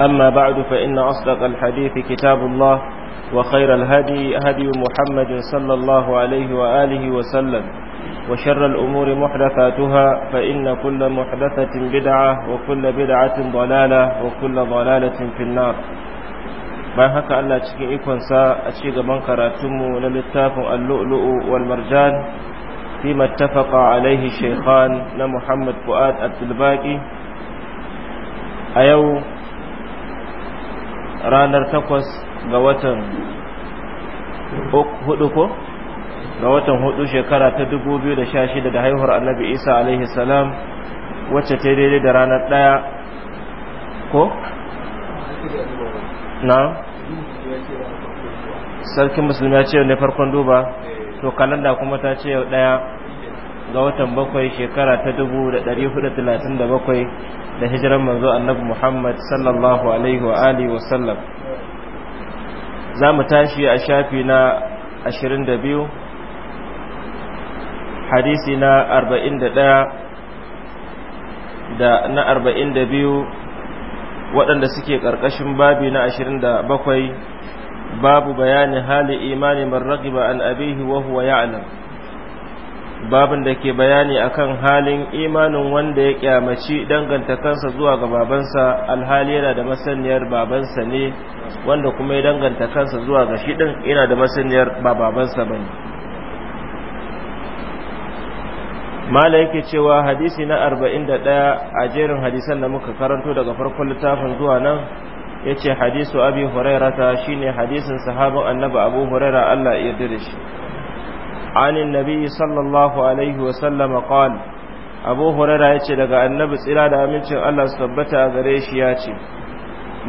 أما بعد فإن أصدق الحديث كتاب الله وخير الهدي هدي محمد صلى الله عليه وآله وسلم وشر الأمور محدثاتها فإن كل محدثة بدعة وكل بدعة ضلالة وكل ضلالة في النار bayan haka ana cikin sa a ci gaban karatunmu na littafin al-lu'lu'u wal fi mattafaqa alaihi shaykhan na Muhammad a yau ranar takwas ga watan hudu ko ga watan hudu shekara ta 2016 da haihuwar annabi isa alaihi salam wacce ta daidai da ranar daya ko? na? sarkin musulmi ya ce ne farkon duba to kalanda kuma ta ce yau daya ga watan bakwai shekara ta dubu da ɗari hudu talatin da bakwai da hijiran manzo annabi muhammad sallallahu alaihi wa alihi wasallam za mu tashi a shafi na ashirin da biyu hadisi na arba'in da ɗaya da na arba'in da biyu waɗanda suke ƙarƙashin babi na ashirin da bakwai babu bayani hali imani man ba an abihi wa huwa ya'lam babin da ke bayani akan halin imanin wanda ya kyamaci danganta kansa zuwa ga babansa alhali yana da masaniyar babansa ne wanda kuma ya danganta kansa zuwa ga shi din yana da masaniyar ba babansa bane mala yake cewa hadisi na 41 a jerin hadisan da muka karanto daga farkon littafin zuwa nan yace hadisu abi hurairata shine hadisin sahabban annabi abu hurairah Allah ya yarda shi عن النبي صلى الله عليه وسلم قال abu hurara ya daga annabi tsira da amincin Allah su tabbata a gare shi ya ce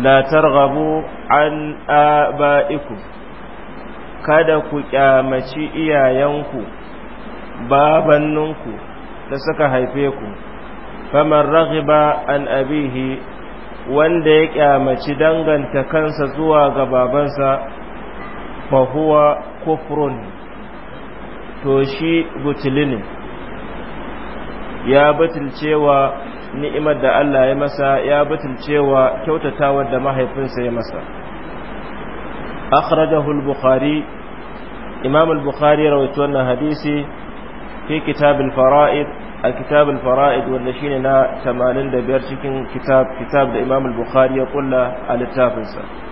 la targhabu an aba'ikum kada ku kyamaci iyayenku babanninku da suka haife ku faman raghiba an abihi wanda ya kyamaci danganta kansa zuwa ga babansa fa huwa kufrun to shi butulinin ya batulcewa ni'imar da Allah ya masa ya batulcewa kyautatawar da mahaifinsa ya masa akhrajahu al-bukhari imam al-bukhari rawaito wannan hadisi fi kitab faraid a kitab faraid wanda shine na 85 cikin kitab kitab da imam al-bukhari ya kulla a littafinsa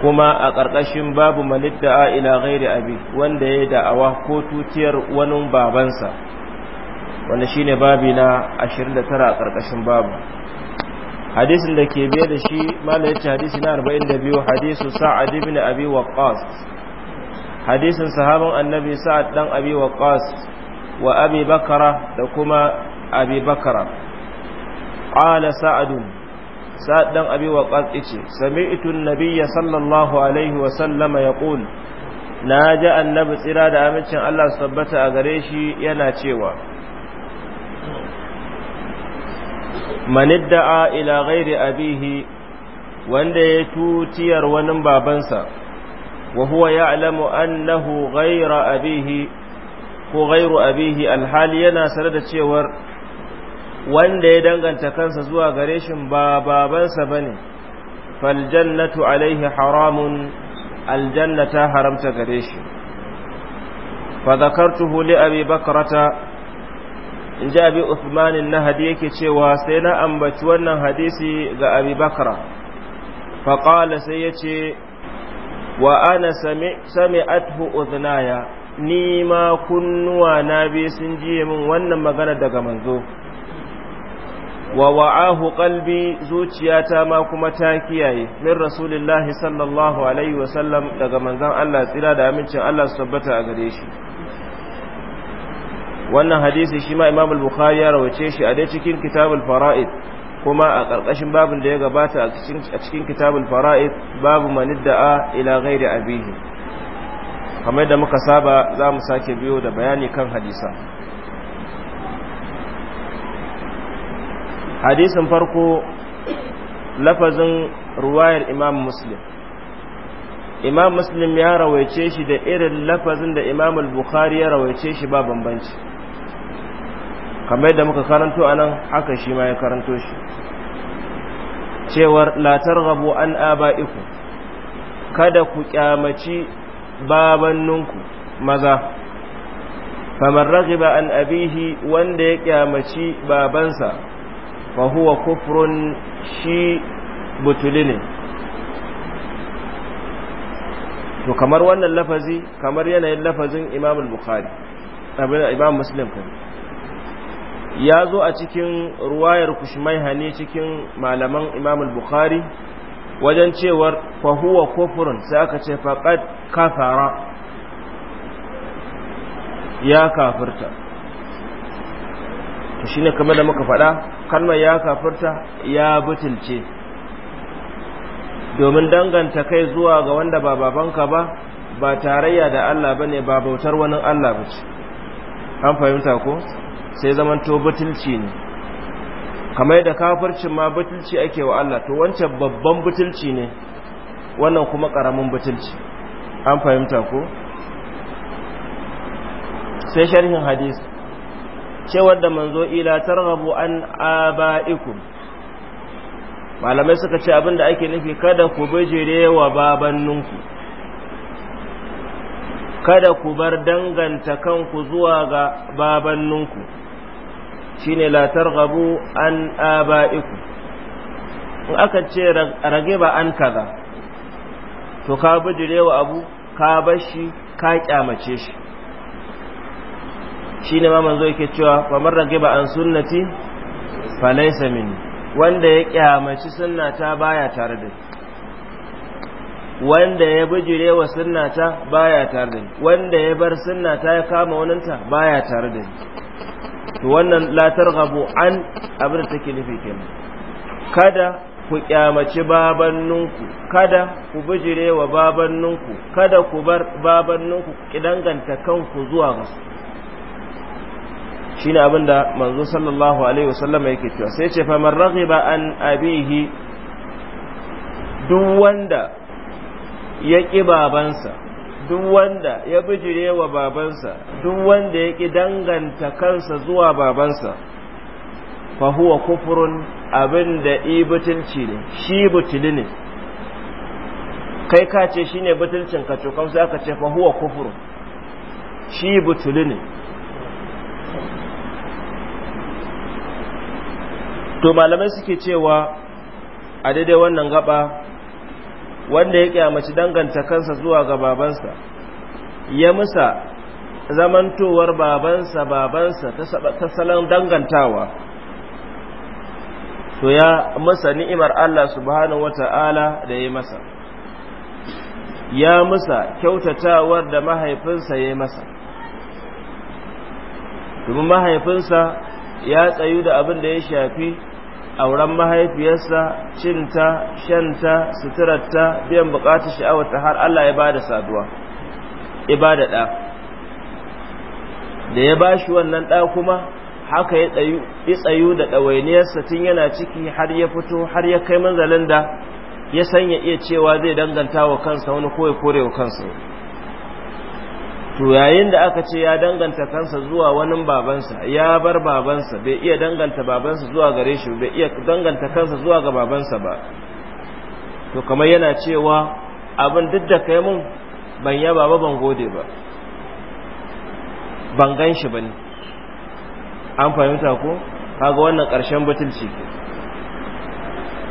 kuma a ƙarƙashin babu manidda'a ila ghairi abi wanda ya da'awa ko tutiyar wani babansa wanda shine babi na 29 a ƙarƙashin babu hadisin da ke biye da shi malai yace hadisi na 42 hadisu sa'ad ibn abi waqqas hadisin sahabin annabi sa'ad dan abi waqqas wa abi bakara da kuma abi bakara qala sa'adun sa'ad dan abi ce yace sami'tu an-nabiyya sallallahu alaihi wa sallama yaqul na ji annabi tsira da amincin Allah su tabbata a gare shi yana cewa manidda'a ila ghairi abihi wanda ya tutiyar wani babansa wa huwa ya'lamu annahu ghaira abihi ko ghairu abihi alhali yana sanar da cewar wanda ya danganta kansa zuwa gare shi ba babansa bane fal jannatu alaihi haramun aljannata haramta gare shi fa zakartuhu li abi bakrata in ji abi uthman an-nahdi yake cewa sai na ambaci wannan hadisi ga abi bakra fa qala sai yace wa ana sami'athu udhnaya ni ma kunnuwa na bi sun jiye min wannan magana daga manzo wa wa'ahu qalbi zuciyata ma kuma ta kiyaye min rasulillahi sallallahu alaihi wa sallam daga manzon Allah tsira da amincin Allah su tabbata a gare shi wannan hadisi shi ma Imam al-Bukhari ya rawace shi a dai cikin Kitabul Fara'id kuma a ƙarƙashin babin da ya gabata a cikin Kitabul Fara'id babu manidda'a ila ghairi abihi kamar da muka saba za mu sake biyo da bayani kan hadisa hadisin farko lafazin ruwayar imam muslim imam muslim ya rawaice shi da irin lafazin da imam bukhari ya rawaice shi ba bambanci kamar da muka karanto anan haka shi ma ya karanto shi cewar latar rabu an aba'iku kada ku kyamaci babanninku maza kamar ragiba an abihi wanda ya kyamaci babansa fa huwa kufrun shi butuli ne to kamar wannan lafazi kamar yanayin lafazin imam al-bukhari abin imam muslim kan ya zo a cikin ruwayar hani cikin malaman imam al-bukhari wajen cewar fa huwa kufrun sai aka ce faqad kafara ya kafirta to shine kamar da muka faɗa kalmar ya kafirta ya butulce domin danganta kai zuwa ga wanda ba babanka ba ba tarayya da Allah ba ne ba bautar wani Allah ba ce an fahimta ko sai zaman to butulci ne kamar da kafircin ma butulci ake wa Allah to wancan babban butulci ne wannan kuma ƙaramin butulci an fahimta ko sai sharhin hadisi ce da manzo ila targhabu an abaikum malamai suka ce abinda ake nufi kada ku bijire wa babanninku kada ku bar danganta kanku zuwa ga babanninku shine la targhabu an abaikum in aka ce rage ba an kaza to ka bijire wa abu ka bar shi ka kyamace shi shi ne ma manzo yake cewa famar rage ba an sunnati falaisa min wanda ya kyamaci sunnata baya tare da wanda ya bijire wa sunnata baya tare da wanda ya bar sunnata ya kama waninta baya tare da to wannan la targhabu an abin da take nufi kenan kada ku kyamaci babanninku kada ku bijire wa babanninku kada ku bar babanninku ku kidanganta kanku zuwa musu Shi shine abinda manzo sallallahu alaihi wasallam yake cewa sai ce faman raghiba an abihi duk wanda ya ƙi babansa duk wanda ya bijire wa babansa duk wanda ya ƙi danganta kansa zuwa babansa fa huwa kufrun abinda ibutulci ne shi butuli ne kai ka ce shi ne butulcin ka to sai aka ce fa huwa kufrun shi butuli ne to malamai suke cewa a daidai wannan gaba wanda ya kyamaci danganta kansa zuwa ga babansa ya musa zamantowar babansa babansa ta salon dangantawa to ya musa ni'imar Allah subhanahu wata'ala da ya masa ya musa kyautatawar da mahaifinsa ya masa domin mahaifinsa ya tsayu da abin da ya shafi auren mahaifiyarsa cinta shanta suturarta biyan bukatar sha'awarta har Allah ya ba da saduwa ibada da da ya ba shi wannan da kuma haka ya tsayu da ɗawainiyarsa tun yana ciki har ya fito har ya kai manzalin da ya sanya iya cewa zai danganta wa kansa wani ko ya kore kansa to yayin da aka ce ya danganta kansa zuwa wani babansa ya bar babansa bai iya danganta babansa zuwa gare shi bai iya danganta kansa zuwa ga babansa ba to kamar yana cewa abin duk da kai mun ban yaba ba ban gode ba ban gan shi ba ne an fahimta ko kaga wannan ƙarshen butulci ke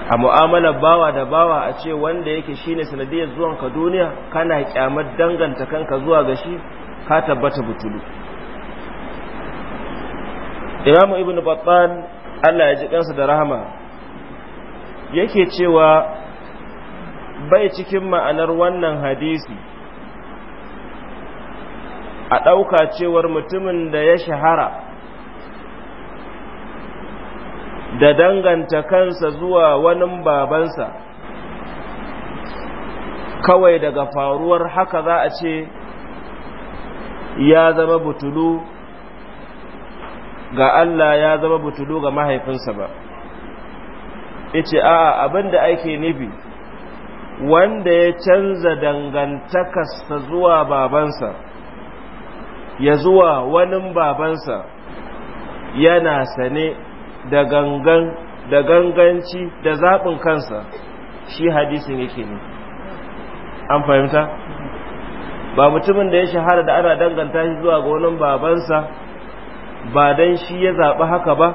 a mu'amalar bawa da bawa a ce wanda yake shine sanadiyar zuwan ka duniya kana kyamar danganta kanka zuwa ga shi ka tabbata butulu imamu ibn battan Allah ya ji kansa da rahama yake cewa bai cikin ma'anar wannan hadisi a ɗauka cewar mutumin da ya shahara da danganta kansa zuwa wani babansa kawai daga faruwar haka za a ce ya zama butulu ga Allah ya zama butulu ga mahaifinsa ba yace a da ake nufi wanda ya canza dangantakarsa zuwa babansa ya zuwa wani babansa yana sane da gangan da ganganci da zaɓin kansa shi hadisin yake ne an fahimta ba mutumin da ya shahara da ana danganta shi zuwa ga wani babansa ba dan shi ya zaɓi haka ba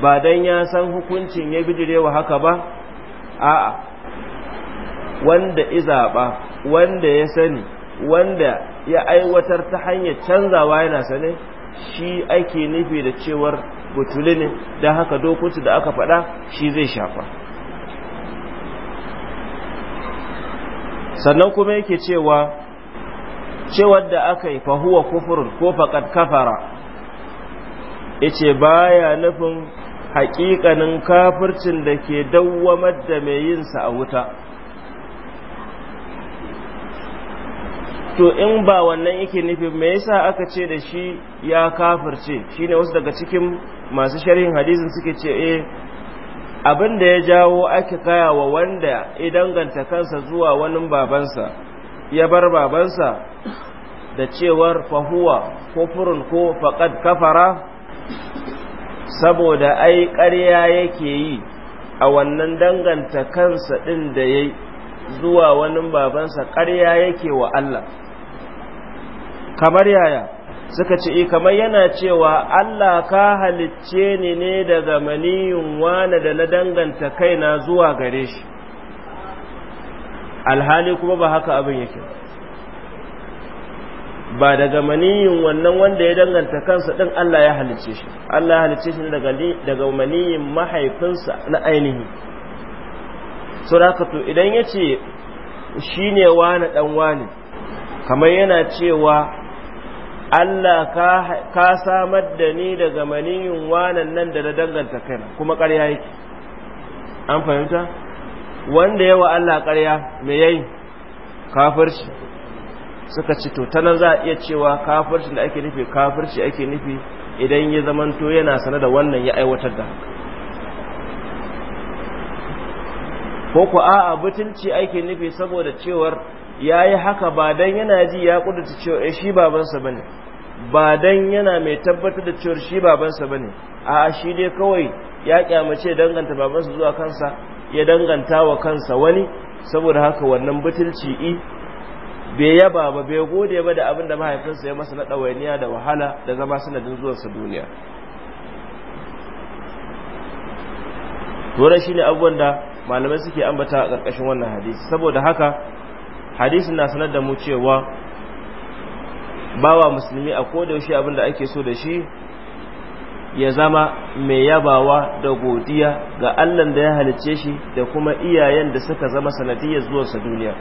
ba dan ya san hukuncin ya bijirewa haka ba a'a wanda zaba, wanda ya sani wanda ya aiwatar ta hanyar canzawa yana sane shi ake nufi da cewar butuli ne don haka dokoki da aka faɗa shi zai shafa sannan kuma yake cewa cewar da aka yi fahuwa kufur ko faƙad kafara ice baya nufin haƙiƙanin kafircin da ke dawwamar da mai yinsa a wuta to in ba wannan yake nufin me yasa aka ce da shi ya kafirce ne wasu daga cikin masu sharhin hadisin suke ce e abin da ya jawo ake kaya wa wanda idan ganta kansa zuwa wani babansa ya bar babansa da cewar fahuwa ko furin ko faƙad kafara saboda ai ƙarya yake yi a wannan danganta kansa ɗin da ya zuwa wani babansa ƙarya yake wa Allah kamar yaya suka ce eh, kamar yana cewa Allah ka halicce ni ne daga maniyin wane da na danganta kaina zuwa gare shi alhali kuma ba haka abin yake ba ba daga maniyin wannan wanda ya danganta kansa din Allah ya halicce shi Allah ya halicce shi daga daga maniyin mahaifinsa na ainihi surakatu idan yace shine wani dan wani kamar yana cewa Allah ka samar da ni daga maniyin wanan nan da na danganta kaina kuma ƙarya yake an fahimta wanda yawa Allah ƙarya me yayi kafirci suka ci to ta nan za a iya cewa kafirci da ake nufi kafirci ake nufi idan ya zamanto yana sanar da wannan ya aiwatar da ko ku a butulci ake nufi saboda cewar ya yi haka ba don yana ji ya kudurta cewa ya eh, shi babansa ba ne ba don yana mai tabbatar da cewar shi babansa ba ne a shi dai kawai ya kyamace danganta babansa zuwa kansa ya danganta wa kansa wani saboda haka wannan butulci i bai yaba ba bai gode ba da abin da mahaifinsa ya masa na ɗawainiya da wahala da zama sanadin zuwansa duniya shi shine abubuwan da malamai suke ambata a ƙarƙashin wannan hadisi saboda haka hadisi na sanar da mu cewa bawa musulmi a kodayaushe abin da ake so da shi ya zama mai yabawa da godiya ga allan da ya halicce shi da kuma iyayen da suka zama sanadiyar zuwansa duniya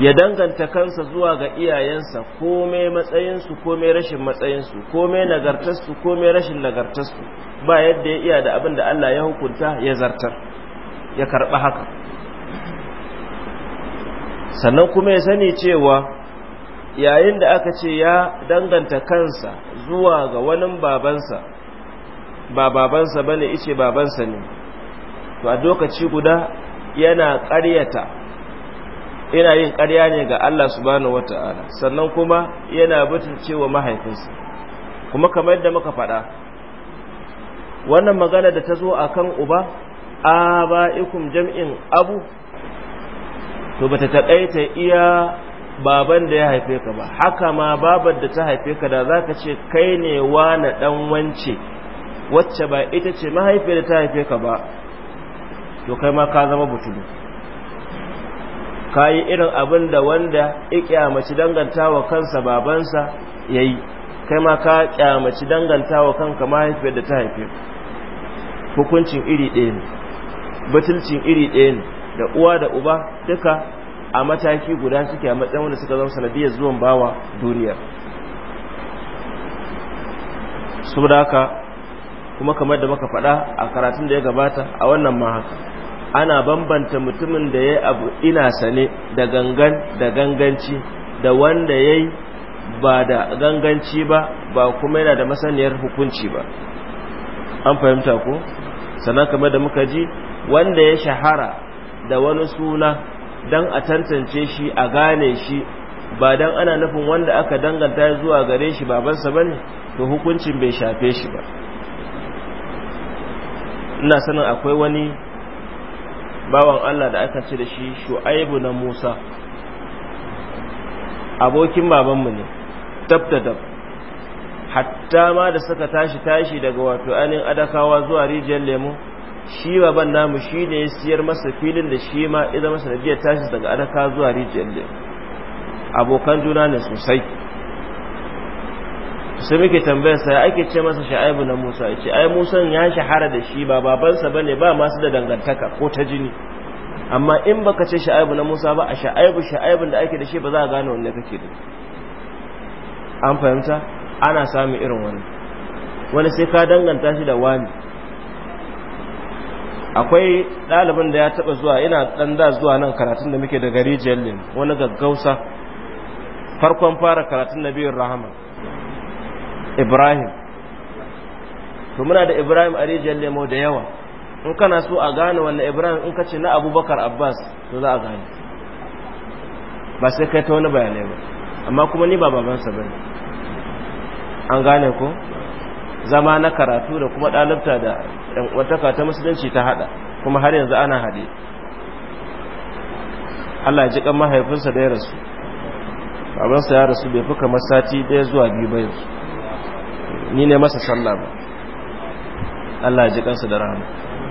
ya danganta kansa zuwa ga iyayensa komai matsayinsu komai rashin matsayinsu komai nagartarsu komai rashin nagartarsu ba yadda ya iya da abin da Allah ya hukunta ya zartar ya karɓa haka sannan kuma ya sani cewa yayin da aka ce ya danganta kansa zuwa ga wani babansa ba babansa ba ne ice babansa ne to a dokaci guda yana ƙaryata yana yin ƙarya ne ga Allah subhanahu wata'ala sannan kuma yana butulcewa mahaifinsa kuma kamar yadda muka faɗa wannan magana da ta zo akan uba a baikum jam'in abu to bata taƙaita iya baban da ya haife ka ba haka ma babar da ta haife ka da zaka ce kai ne wani dan wance wacce ba ita ce mahaifiyar da ta haife ka ba to kai ma ka zama butulu kayi irin abin da wanda ya kyamaci danganta kansa babansa ya yi kai ma ka kyamaci danganta kanka mahaifiyar da ta haife hukuncin iri ɗaya ne batulcin iri ɗaya ne da uwa da uba duka a mataki guda suke a matsayin wanda suka zama sanadiyar zuwan bawa duniyar saboda kuma kamar da muka faɗa a karatun da ya gabata a wannan ma ana bambanta mutumin da ya abu ina sane da gangan da ganganci da wanda ya yi ba da ganganci ba ba kuma yana da masaniyar hukunci ba an fahimta ko sana kamar da muka ji wanda ya shahara da wani suna don a tantance shi a gane shi ba don ana nufin wanda aka danganta zuwa gare shi babansa ba ne to hukuncin bai shafe shi ba ina sanin akwai wani bawan Allah da aka ci da shi shu'aibu na Musa abokin babanmu ne dab da dab hatta ma da suka tashi tashi daga wato anin adakawa zuwa rijiyar lemu shi baban namu shi ne ya siyar masa filin da shi ma idan masa da tashi daga adaka zuwa rijiyar lemu abokan juna ne sosai sai muke tambayar sa ake ce masa sha'ibu na Musa ya ce ai Musa ya shahara da shi ba babansa bane ba masu da dangantaka ko ta jini amma in baka ce sha'ibu na Musa ba a sha'ibu sha'ibun da ake da shi ba za a gane wanne kake da an fahimta ana samu irin wani wani sai ka danganta shi da wani akwai ɗalibin da ya taɓa zuwa ina ɗan da zuwa nan karatun da muke da gari jellin wani gaggausa farkon fara karatun na biyun rahama ibrahim to muna da ibrahim a rijiyar lemo da yawa in kana so a gane wannan ibrahim in ka ce na abubakar abbas to za a gane ba sai kai ta wani bayanai ba amma kuma ni ba babansa ba ne an gane ko zama na karatu da kuma ɗalibta da wataka ta musulunci ta haɗa kuma har yanzu ana haɗe Allah ya ji kan mahaifinsa da ya rasu babansa ya rasu bai fi kamar sati ɗaya zuwa biyu ba yanzu ni ne masa sallah ba Allah ji kansa da rahama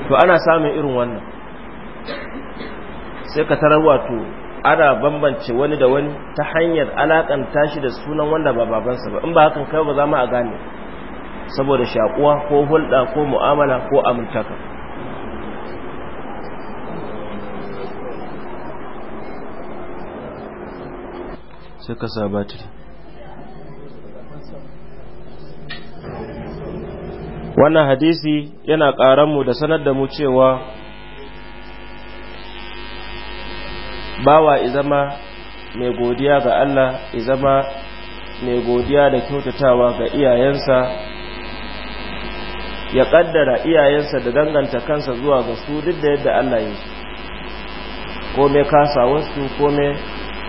to ana samun irin wannan sai ka tarar wato ana bambance wani da wani ta hanyar alakanta shi da sunan wanda ba babansa ba in ba hakan kai ba za mu a gane saboda shakuwa ko hulɗa ko mu'amala ko amintaka sai ka sa batiri wannan hadisi yana mu da sanar da mu cewa bawa izama mai godiya ga Allah izama mai godiya da kyautatawa ga iyayensa ya ƙaddara iyayensa da danganta kansa zuwa ga su duk da yadda Allah ya yi ko mai kasawarsu ko mai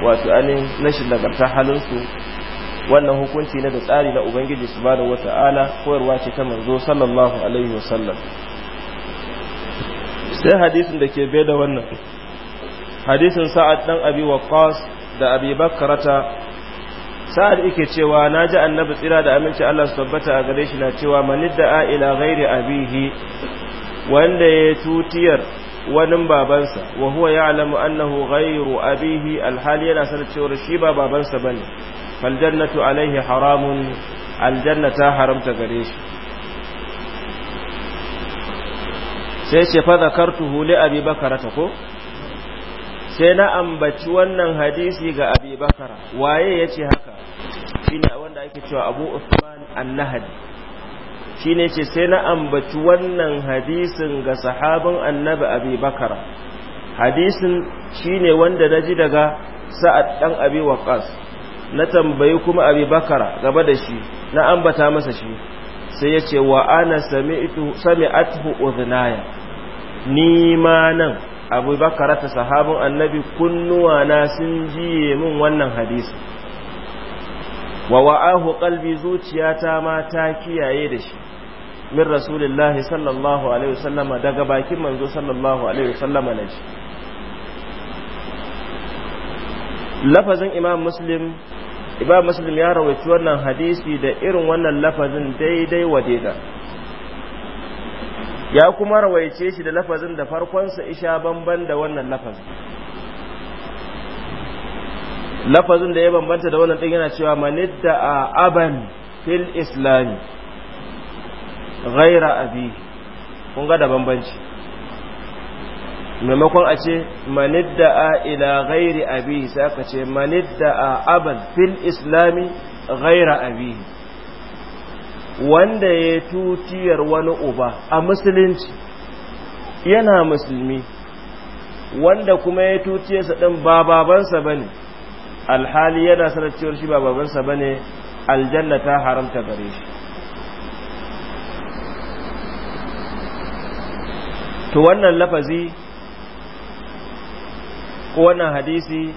wato anin rashin nagartar halinsu wannan hukunci ne da tsari na ubangiji subhanahu wata'ala koyarwa ce ta manzo sallallahu alaihi wasallam sai hadisin da ke bai da wannan hadisin sa'ad dan abi waqqas da abi bakrata sa'ad yake cewa naji annabi tsira da aminci Allah su tabbata a gare shi na cewa manidda ila ghairi abihi wanda ya tutiyar wani babansa wa huwa ya'lamu annahu ghairu abihi alhali yana sanar cewa shi ba babansa bane fal jannatu alaihi haramun aljanna ta haramta gare shi sai ce fa zakartuhu li abi bakara ta ko sai na ambaci wannan hadisi ga abi bakara waye yace haka shine wanda ake cewa abu usman an shi shine ce sai na ambaci wannan hadisin ga sahabin annabi abi bakara hadisin shine wanda naji daga sa'ad dan abi waqas na tambayi kuma abi bakara gaba da shi na ambata masa shi sai ya ce wa ana sami'atuhu ni ma nan abu bakara ta sahabin annabi kunnuwa na sun jiye min wannan hadisi wa wa'ahu kalbi zuciyata ma ta kiyaye da shi min rasulillahi sallallahu alaihi wasallama daga bakin manzo sallallahu alaihi wasallama na ji lafazin imam muslim Iba muslim ya rawaci wannan hadisi da irin wannan lafazin daidai wa daida ya kuma rawaice shi da lafazin da farkonsa isha bamban da wannan lafazin lafazin da ya bambanta da wannan ɗin yana cewa manidda a aban fil islami ghaira abi kun ga da bambanci maimakon a ce manidda'a ila ghairi abihi sai aka ce manidda'a Abal fil islami ghaira abihi wanda ya tutiyar wani uba a musulunci yana musulmi wanda kuma ya sa ɗin bababansa babansa ba ne alhali yana sanarciyar shi ba babansa ba ne aljanna ta haramta gare shi to wannan lafazi ko wannan hadisi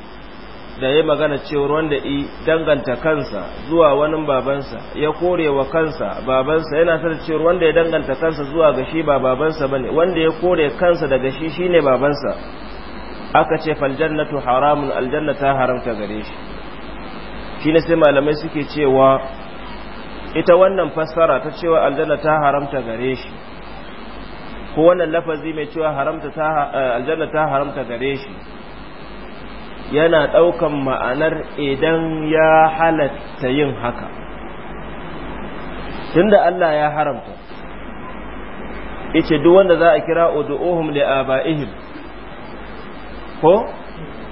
da ya magana cewar wanda i danganta kansa zuwa wani babansa ya kore wa kansa babansa yana sanar cewar wanda ya danganta kansa zuwa ga shi ba babansa bane wanda ya kore kansa daga shi shine babansa aka ce jannatu haramun aljanna ta haramta gare shi shine sai malamai suke cewa ita wannan fassara ta cewa aljanna ta haramta gare shi ko wannan lafazi mai cewa haramta ta eh, aljanna ta haramta gare shi yana ɗaukan ma'anar idan ya halatta yin haka tunda Allah ya haramta yace duk wanda za a kira li aba'ihim ko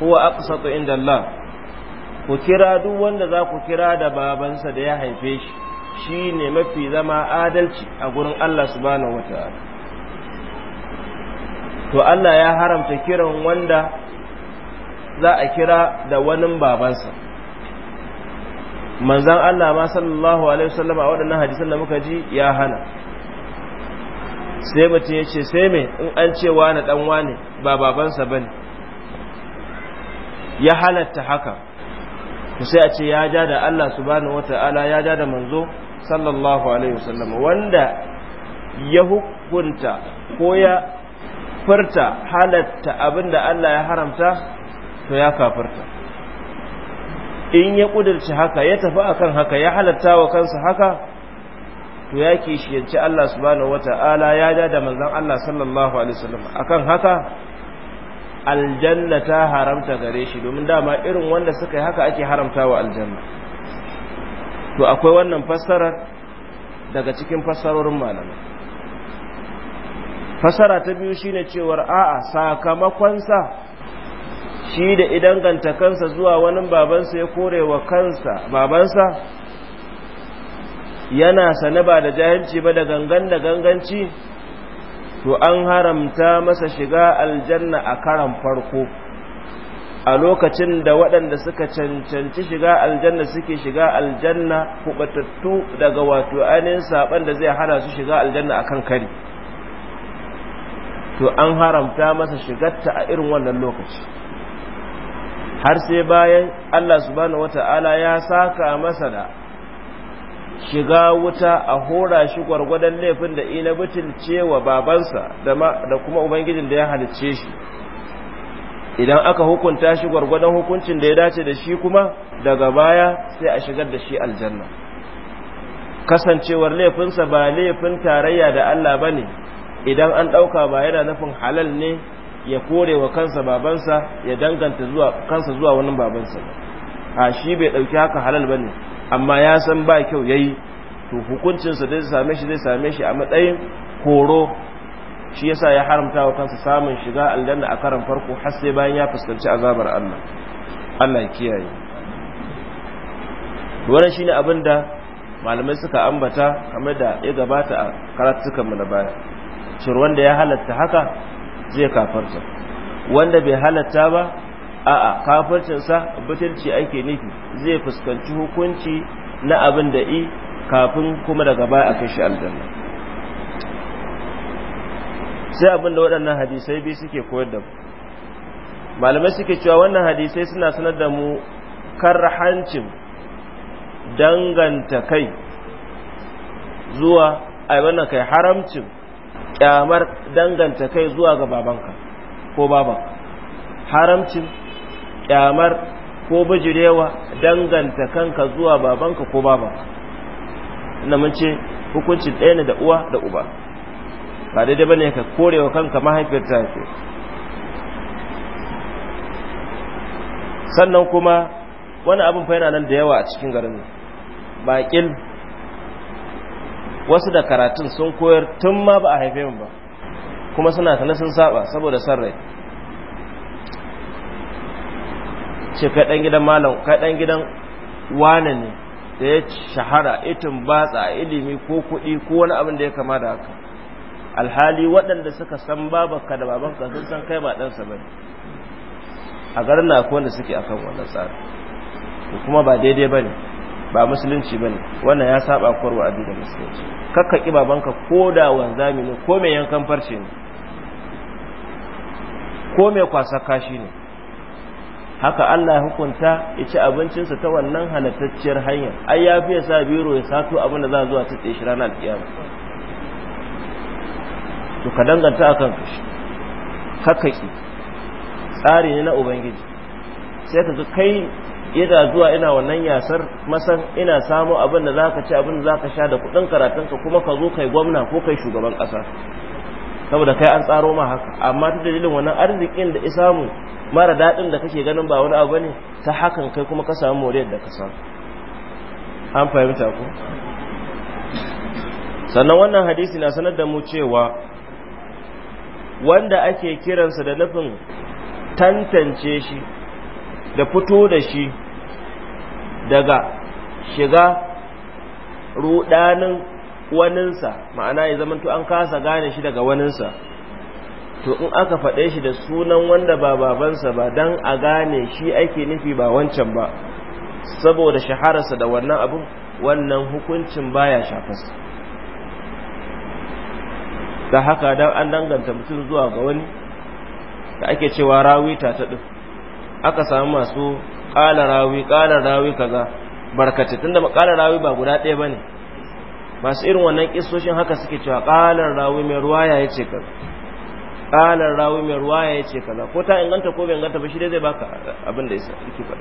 huwa aqsatu inda Allah ku kira duk wanda za ku kira da babansa da ya haife shi ne mafi zama adalci a gurin Allah subhanahu wataala to Allah ya haramta kiran wanda za a kira da wani babansa manzan Allah ma sallallahu alaihi wasallam a waɗannan hadisan da muka ji ya hana sai mutum ya ce sai me in an ce wani dan wani ba babansa bane ya halatta haka sai a ce ya ja da Allah subhanahu wata'ala ya ja da manzo sallallahu alaihi wasallam wanda ya hukunta ko ya furta halatta abinda Allah ya haramta to ya kafirta in ya kudirci haka ya tafi akan haka ya halatta wa kansa haka to ya kishiyarci Allah subhanahu wata'ala ya da da manzon Allah sallallahu alaihi wasallam akan haka aljanna ta haramta gare shi domin dama irin wanda suka yi haka ake haramtawa wa aljanna to akwai wannan fassarar daga cikin fassarorin malamai fassara ta biyu shine cewar a'a sakamakon sa shi da idan ganta kansa zuwa wani babansa ya kore wa kansa babansa yana sane ba da jahilci ba da gangan da ganganci to an haramta masa shiga aljanna a karan farko a lokacin da waɗanda suka cancanci shiga aljanna suke shiga aljanna kubatattu daga wato ainihin saban da zai hana su shiga aljanna a kan kari to an haramta masa shigarta a irin wannan lokaci har sai bayan Allah subhanahu wata'ala ya saka masa da shiga wuta a hora shi gwargwadon laifin da ina mutun cewa babansa da kuma ubangijin da ya halicce shi idan aka hukunta shi gwargwadon hukuncin da ya dace da shi kuma daga baya sai a shigar da shi aljanna kasancewar laifinsa ba laifin tarayya da Allah bane idan an ɗauka ba yana nufin halal ne ya kore wa kansa babansa ya danganta zuwa kansa zuwa wani babansa a shi bai dauki haka halal bane amma ya san ba kyau yayi to hukuncin sa zai same shi zai same shi a matsayin koro shi yasa ya haramta wa kansa samun shiga aljanna a karan farko har sai bayan ya fuskanci azabar Allah Allah kiyaye wannan shine abin da malamai suka ambata kamar da ya gabata a karatukan mu na baya shirwan wanda ya halatta haka zai kafarta wanda bai halatta ba a'a kafarcinsa butulci ake nufi zai fuskanci hukunci na abin da i kafin kuma daga baya a kai shi aljanna sai abin da waɗannan hadisai biyu suke koyar da mu malamai suke cewa wannan hadisai suna sanar da mu karhancin danganta kai zuwa ai wannan kai haramcin kyamar danganta kai zuwa ga babanka ko baban haramcin kyamar ko bijirewa danganta kanka zuwa babanka ko baban ina mun ce hukuncin ɗaya ne da uwa da uba ba daidai bane ka korewa kanka mahaifiyar ta sannan kuma wani abin fa yana nan da yawa a cikin garin baƙin wasu da karatun sun koyar tun ma ba a haife mu ba kuma suna tana sun saba saboda san rai ce kaɗan gidan malam kaɗan gidan wane ne da ya shahara itin batsa ilimi ko kuɗi ko wani abin da ya kama da haka alhali waɗanda suka san babanka da babanka sun san kai ba ɗansa ba a garin na akwai wanda suke akan wannan tsari kuma ba daidai ba ne ba musulunci bane wannan ya saba korwa da musulunci kakka ki babanka ko da wanzami ne ko mai yankan farce ne ko mai kwasa kashi ne haka Allah ya hukunta ya ci abincinsa ta wannan halattacciyar hanyar ai ya fiye sa biro ya sato abin da za zuwa ta tsaye shi ranar to ka danganta a kan kashi ki tsari ne na ubangiji sai ka ga kai da zuwa ina wannan yasar masan ina samu abin da zaka ci abin da zaka sha da kudin karatunka kuma ka zo kai gwamna ko kai shugaban kasa saboda kai an tsaro ma haka amma ta dalilin wannan arzikin da isamu mara dadin da kake ganin ba wani abu ne ta hakan kai kuma ka samu moriyar da ka samu an fahimta ku sannan wannan hadisi na sanar da mu cewa wanda ake kiransa da nufin tantance shi da fito da shi daga shiga rudanin waninsa ma'ana ya zamanto an kasa gane shi daga waninsa to in aka faɗe shi da sunan wanda ba babansa ba don a gane shi ake nufi ba wancan ba saboda shahararsa da wannan abin wannan hukuncin baya shafarsa Da haka don an danganta mutum zuwa ga wani da ake cewa rawita ta ɗin aka samu masu ƙala rawi ƙala rawi kaza Barkace tunda ƙala rawi ba guda ɗaya bane masu irin wannan kissoshin haka suke cewa ƙalar rawi mai ruwaya ya ce kaza ƙalar rawi mai ruwaya ya ce kaza ko ta inganta ko bai inganta ba shi dai zai baka abin da yake faɗa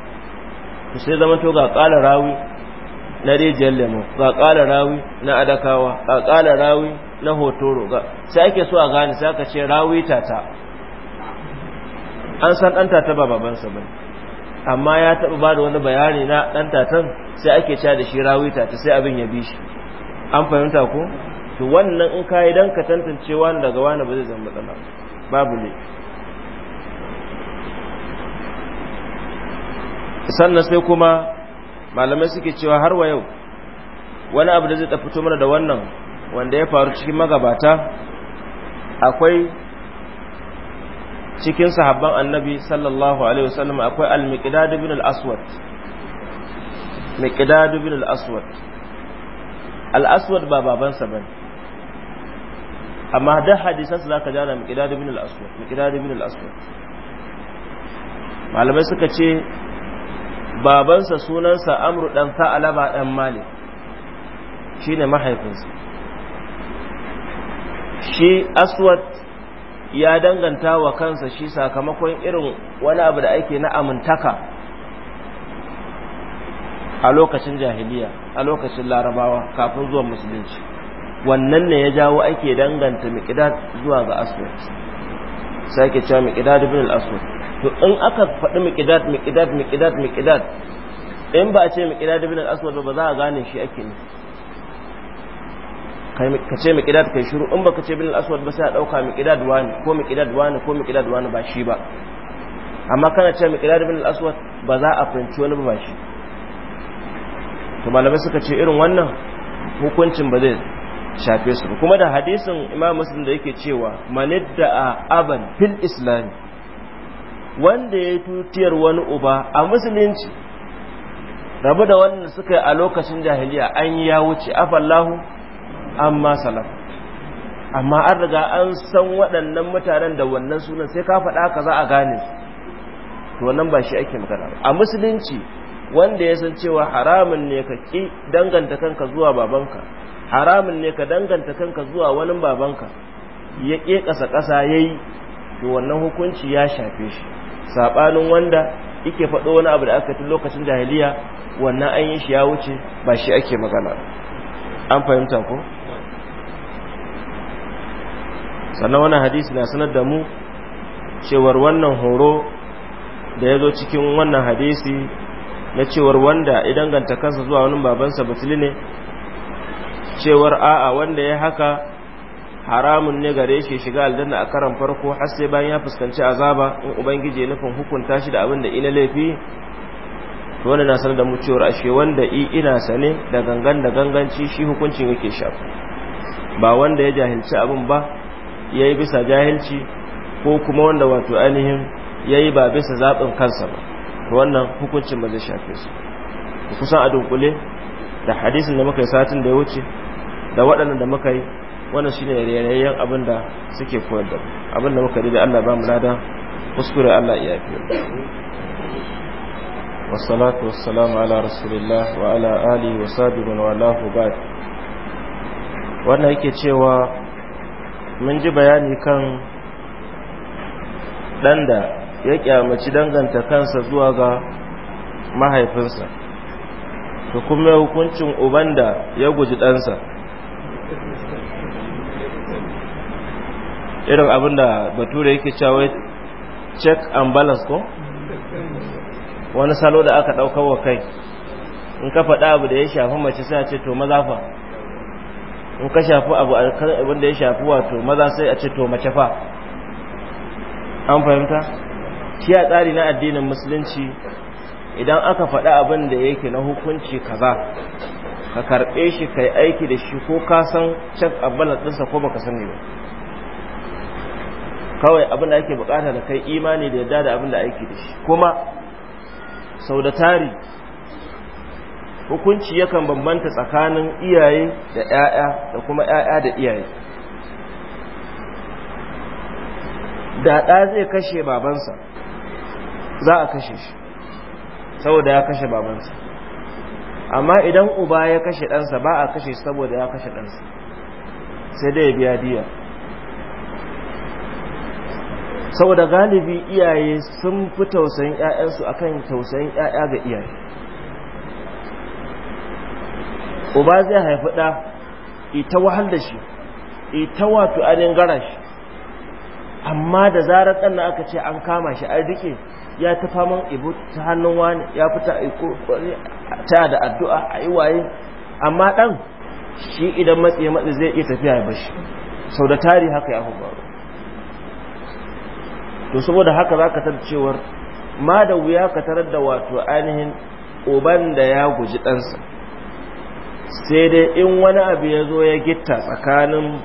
to sai zama to ga ƙalar rawi na rijiyar lemo ga ƙala rawi na adakawa ga ƙala rawi na hotoro ga sai ake so a gane sai aka ce rawi tata an san ɗan tata ba babansa ba amma ya taɓa ba da wani bayani na ɗan tatan sai ake ca da shi rawi tata sai abin ya bi shi an fahimta ko to wannan in ka yi ka tantance wani daga wani ba zai zama matsala babu ne sannan sai kuma malamai suke cewa har wa yau wani abu da zai tafi mana da wannan wanda ya faru cikin magabata akwai cikin sahabban annabi sallallahu alaihi wasallam akwai al-miqdad ibn al-aswad miqdad ibn al-aswad al-aswad ba babansa bane amma da hadisansa zaka jana miqdad ibn al-aswad miqdad ibn al-aswad malamai suka ce babansa sunansa amru dan sa'alaba dan malik shine mahaifinsa shi aswad ya danganta wa kansa shi sakamakon irin wani abu da ake na amintaka a lokacin jahiliya a lokacin larabawa kafin zuwan musulunci wannan ne ya jawo ake danganta miqdad zuwa ga aswad sake ke cewa miqdad ibn al-aswad to in aka faɗi miqdad miqdad miqdad miqdad in ba a ce miqdad ibn al-aswad ba za a gane shi ake ne. ka ce mai ƙidad kai shiru in ba ka ce bin al'aswad ba sai a ɗauka mai ƙidad wani ko mai ƙidad wani ko mai ƙidad wani ba shi ba amma kana ce mai ƙidad bin al'aswad ba za a fahimci wani ba shi to malamai suka ce irin wannan hukuncin ba zai shafe su kuma da hadisin imam muslim da yake cewa da a aban fil islam wanda ya tutiyar wani uba a musulunci rabu da wannan suka yi a lokacin jahiliya an yi ya wuce afallahu amma salam amma an riga an san waɗannan mutanen da wannan sunan sai ka faɗa ka za a gane to wannan ba shi ake magana a musulunci wanda ya san cewa haramun ne ka ki danganta kanka zuwa babanka haramun ne ka danganta kanka zuwa wani babanka ya ke ƙasa ƙasa ya yi to wannan hukunci ya shafe shi saɓanin wanda yake faɗo wani abu da aka tun lokacin jahiliya wannan an yi shi ya wuce ba shi ake magana an fahimta ko sannan wannan hadisi na sanar da mu cewar wannan horo da ya zo cikin wannan hadisi na cewar wanda idan ganta kansa zuwa wani babansa batuli ne cewar a'a wanda ya haka haramun ne gare shi shiga aljanna a karan farko har sai bayan ya fuskanci azaba in ubangiji nufin hukunta shi da abin da ina laifi to wannan na sanar da mu cewar ashe wanda i ina sane da gangan da ganganci shi hukuncin yake shafa ba wanda ya jahilci abin ba ya yi bisa jahilci ko kuma wanda wato ainihin ya yi ba bisa zaɓin kansa ba to wannan hukuncin ba zai shafe su kusan a dunkule da hadisin da muka yi satin da ya wuce da waɗannan da muka yi wannan shine yayyayen abin da suke koyar da abin da muka yi da Allah ba mu kuskure Allah iya fi wassalatu wassalamu ala rasulillah wa ala alihi wa sahbihi wa alahu wannan yake cewa mun ji bayani kan ɗan da ya kyamaci danganta kansa zuwa ga mahaifinsa da kuma hukuncin uban da ya guji ɗansa irin abin da bature yake cewa check and balance ko wani salo da aka ɗaukar wa kai in ka faɗa abu da ya shafi mace sai a ce to mazafa in ka shafi abu abin da ya shafi wato maza sai a ce to mace fa an fahimta shi a tsari na addinin musulunci idan aka faɗi abin da yake na hukunci kaza ka karɓe shi kai aiki da shi ko ka san cak a ɗinsa ko baka sani ba kawai abin da ake bukata da kai imani da yadda da abin da aiki da shi kuma sau da tari hukunci yakan bambanta tsakanin iyaye da 'ya'ya da kuma 'ya'ya da iyaye da ɗa zai kashe babansa za a kashe shi saboda ya kashe babansa amma idan uba ya kashe ɗansa ba a kashe shi saboda ya kashe ɗansa sai dai ya biya diya saboda galibi iyaye sun fi tausayin 'ya'yansu akan tausayin 'ya'ya ga iyaye uba zai haifi ɗa ita wahal da shi ita wato anin gara shi amma da zarar ɗan na aka ce an kama shi a rike ya ta faman ibu ta hannun wani ya fita aiko ta da addu'a a yi waye amma ɗan shi idan matsi matsi zai iya tafiya ya bashi sau da tari haka ya faru to saboda haka za ka cewar ma da wuya ka tarar da wato ainihin oban da ya guji ɗansa sai dai in wani abu ya zo ya gita tsakanin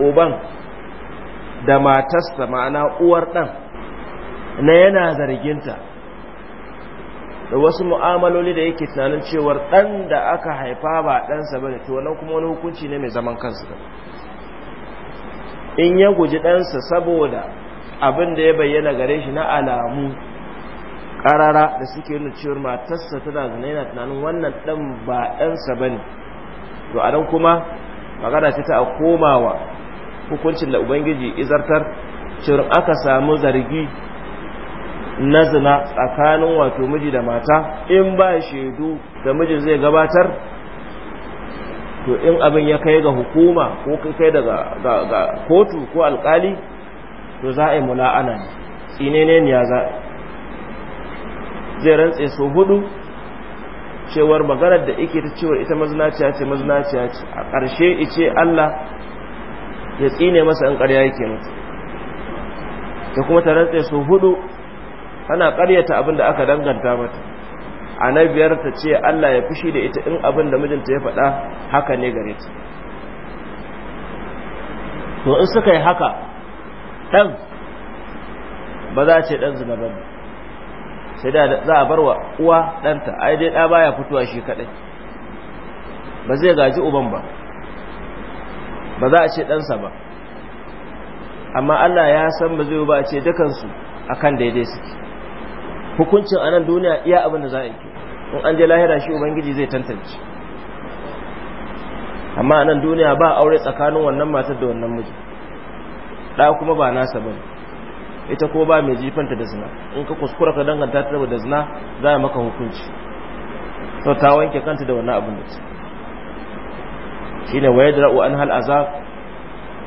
uban da matarsa ma'ana uwar ɗan na yana zarginta da wasu mu'amaloli da yake tunanin cewar ɗan da aka haifa ba ɗansa ba ne to wannan kuma wani hukunci ne mai zaman kansa in ya guji ɗansa saboda abin da ya bayyana gare shi na alamu karara da suke nuna cewar matarsa tana zina yana tunanin wannan dan ba ɗansa ba ne to a nan kuma magana ce ta a komawa hukuncin da ubangiji izartar cewar aka samu zargi na zina tsakanin wato miji da mata in ba shaidu da miji zai gabatar to in abin ya kai ga hukuma ko kai daga ga kotu ko alkali to za a yi mula'ana ne tsinene ne ya za zai rantse su hudu cewar maganar da ike ta cewa ita mazinaciya ce mazinaciya ce a ƙarshe ice Allah ya tsine masa in ƙarya yake mutu ta kuma ta rantse su hudu tana ƙaryata abin da aka danganta mata a na biyar ta ce Allah ya fushi da ita in abin da mijinta ya faɗa haka ne gare ta to in suka yi haka ɗan ba za a ce ɗan zina ba sai da za a barwa uwa danta ai dai ɗa baya fitowa shi kaɗai ba zai gaji uban ba ba za a ce ɗansa ba amma Allah ya san ba zai ba a ce dukansu akan daidai suke hukuncin a nan duniya iya abin da za a yi in an je lahira shi ubangiji zai tantance amma a nan duniya ba aure tsakanin wannan matar da wannan miji ɗa kuma ba nasa ba ne ita ko ba mai jifanta da zina in ka kuskura ka danganta ta da zina za a maka hukunci to ta wanke kanta da wannan abin da ce ne waye da an hal azab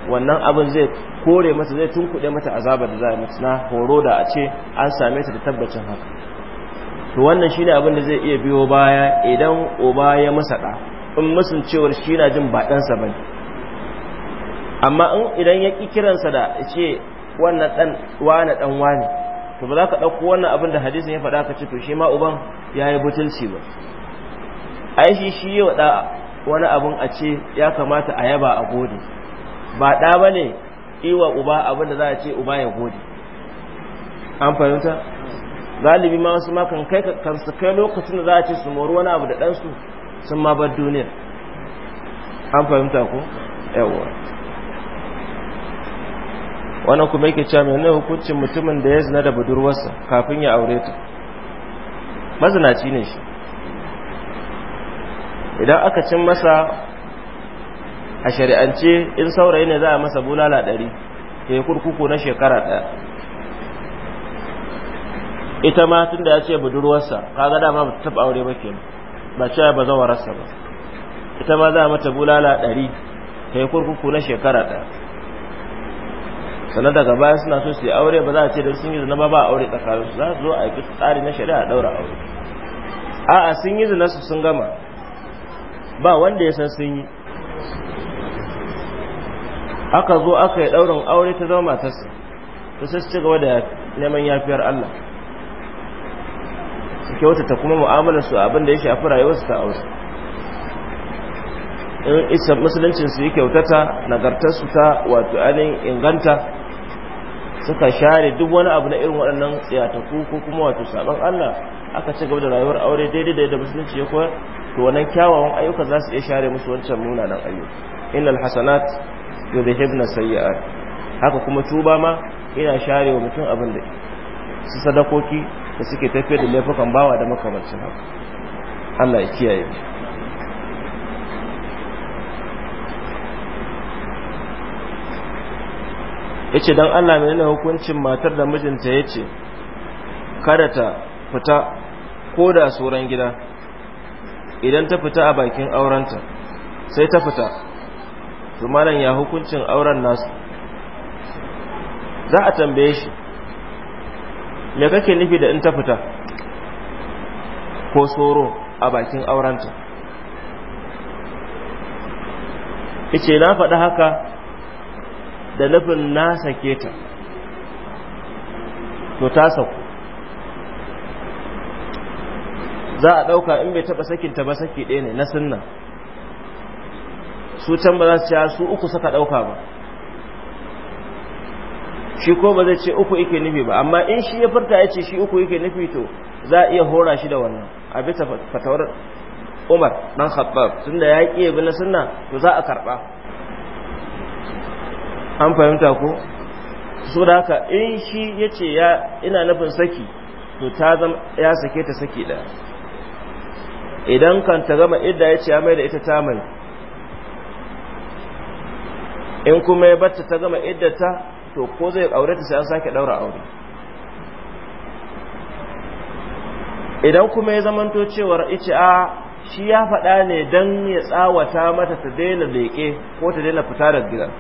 wannan abin zai kore mata zai tunkuɗe mata azaba da za a mutu na horo da a ce an same ta da tabbacin haka to wannan shi ne abin da zai iya biyo baya idan uba ya masa ɗa, in musun cewar shi na jin ba ɗansa bane amma idan ya ƙi kiransa da ce wannan dan wani dan wani to ba za ka dauko wannan abin da hadisin ya faɗa ka ce to shi ma uban ya yi butulci ba ai shi shi ya wada wani abin a ce ya kamata a yaba a gode ba ɗa ba ne iwa uba abin da za a ce uba ya gode an fahimta galibi ma wasu makan kai kansu kai lokacin da za a ce su mori wani abu da ɗansu sun ma bar duniya. an fahimta ko yawwa wannan kuma yake cewa menene hukuncin mutumin da ya zina da budurwarsa kafin ya aure ta mazinaci ne shi idan aka cin masa a shari'ance in saurayi ne za a masa bulala ɗari ke yi kurkuku na shekara ɗaya ita ma tun da ya ce budurwarsa kaga dama ba taɓa aure ba ke ba cewa ba zawararsa ba ita ma za a mata bulala ɗari ta yi kurkuku na shekara ɗaya sannan daga baya suna so su yi aure ba za a ce da sun yi zina ba ba aure tsakanin su za su zo a yi tsari na shari'a daura aure a'a sun yi zina su sun gama ba wanda ya san sun yi aka zo aka yi daurin aure ta zama matarsa ta sai su ci gaba da neman yafiyar Allah su ta kuma mu'amalar su abin da ya shafi rayuwarsu ta aure in isa musuluncin su yi kyautata nagartarsu ta wato ainihin inganta suka share duk wani abu na irin waɗannan tsayataku ko kuma wato sabon Allah aka ci gaba da rayuwar aure daidai da yadda musulunci ya koyar to wannan kyawawan ayyuka za su iya share musu wancan munanan ayyuka innal alhasanat yudhibna sayyi'at haka kuma tuba ma ina share wa mutum abin da su sadakoki da suke tafiyar da laifukan bawa da makamancin haka Allah ya kiyaye Ice don Allah nuna hukuncin matar da mijinta ya ce kada ta fita ko da tsoron gida idan ta fita a bakin aurenta sai ta fita to ya hukuncin auren nasu za a tambaye shi me kake nufi da in ta fita ko tsoro a bakin aurenta ice na faɗi haka da nufin na sake ta to ta sauku za a ɗauka in bai taɓa sakinta ba saki ɗaya ne na sunna su can ba za su ce su uku suka ɗauka ba shi ko ba zai ce uku yake nufi ba amma in shi ya furta ya ce shi uku yake nufi to za a iya hora shi da wannan a bisa fatawar umar dan khattab tunda ya ƙi yabi na sunna to za a karɓa an fahimta ko so da haka in shi ya ce ya ina nufin saki to ta zama ya sake ta saki ɗaya idan kan ta gama idda ya ce ya mai da ita ta mai in kuma ya bata ta gama iddata to ko zai aure ta sai an sake daura aure idan kuma ya zamanto cewar ice a shi ya faɗa ne don ya tsawata mata ta daina leƙe ko ta daina fita daga gidan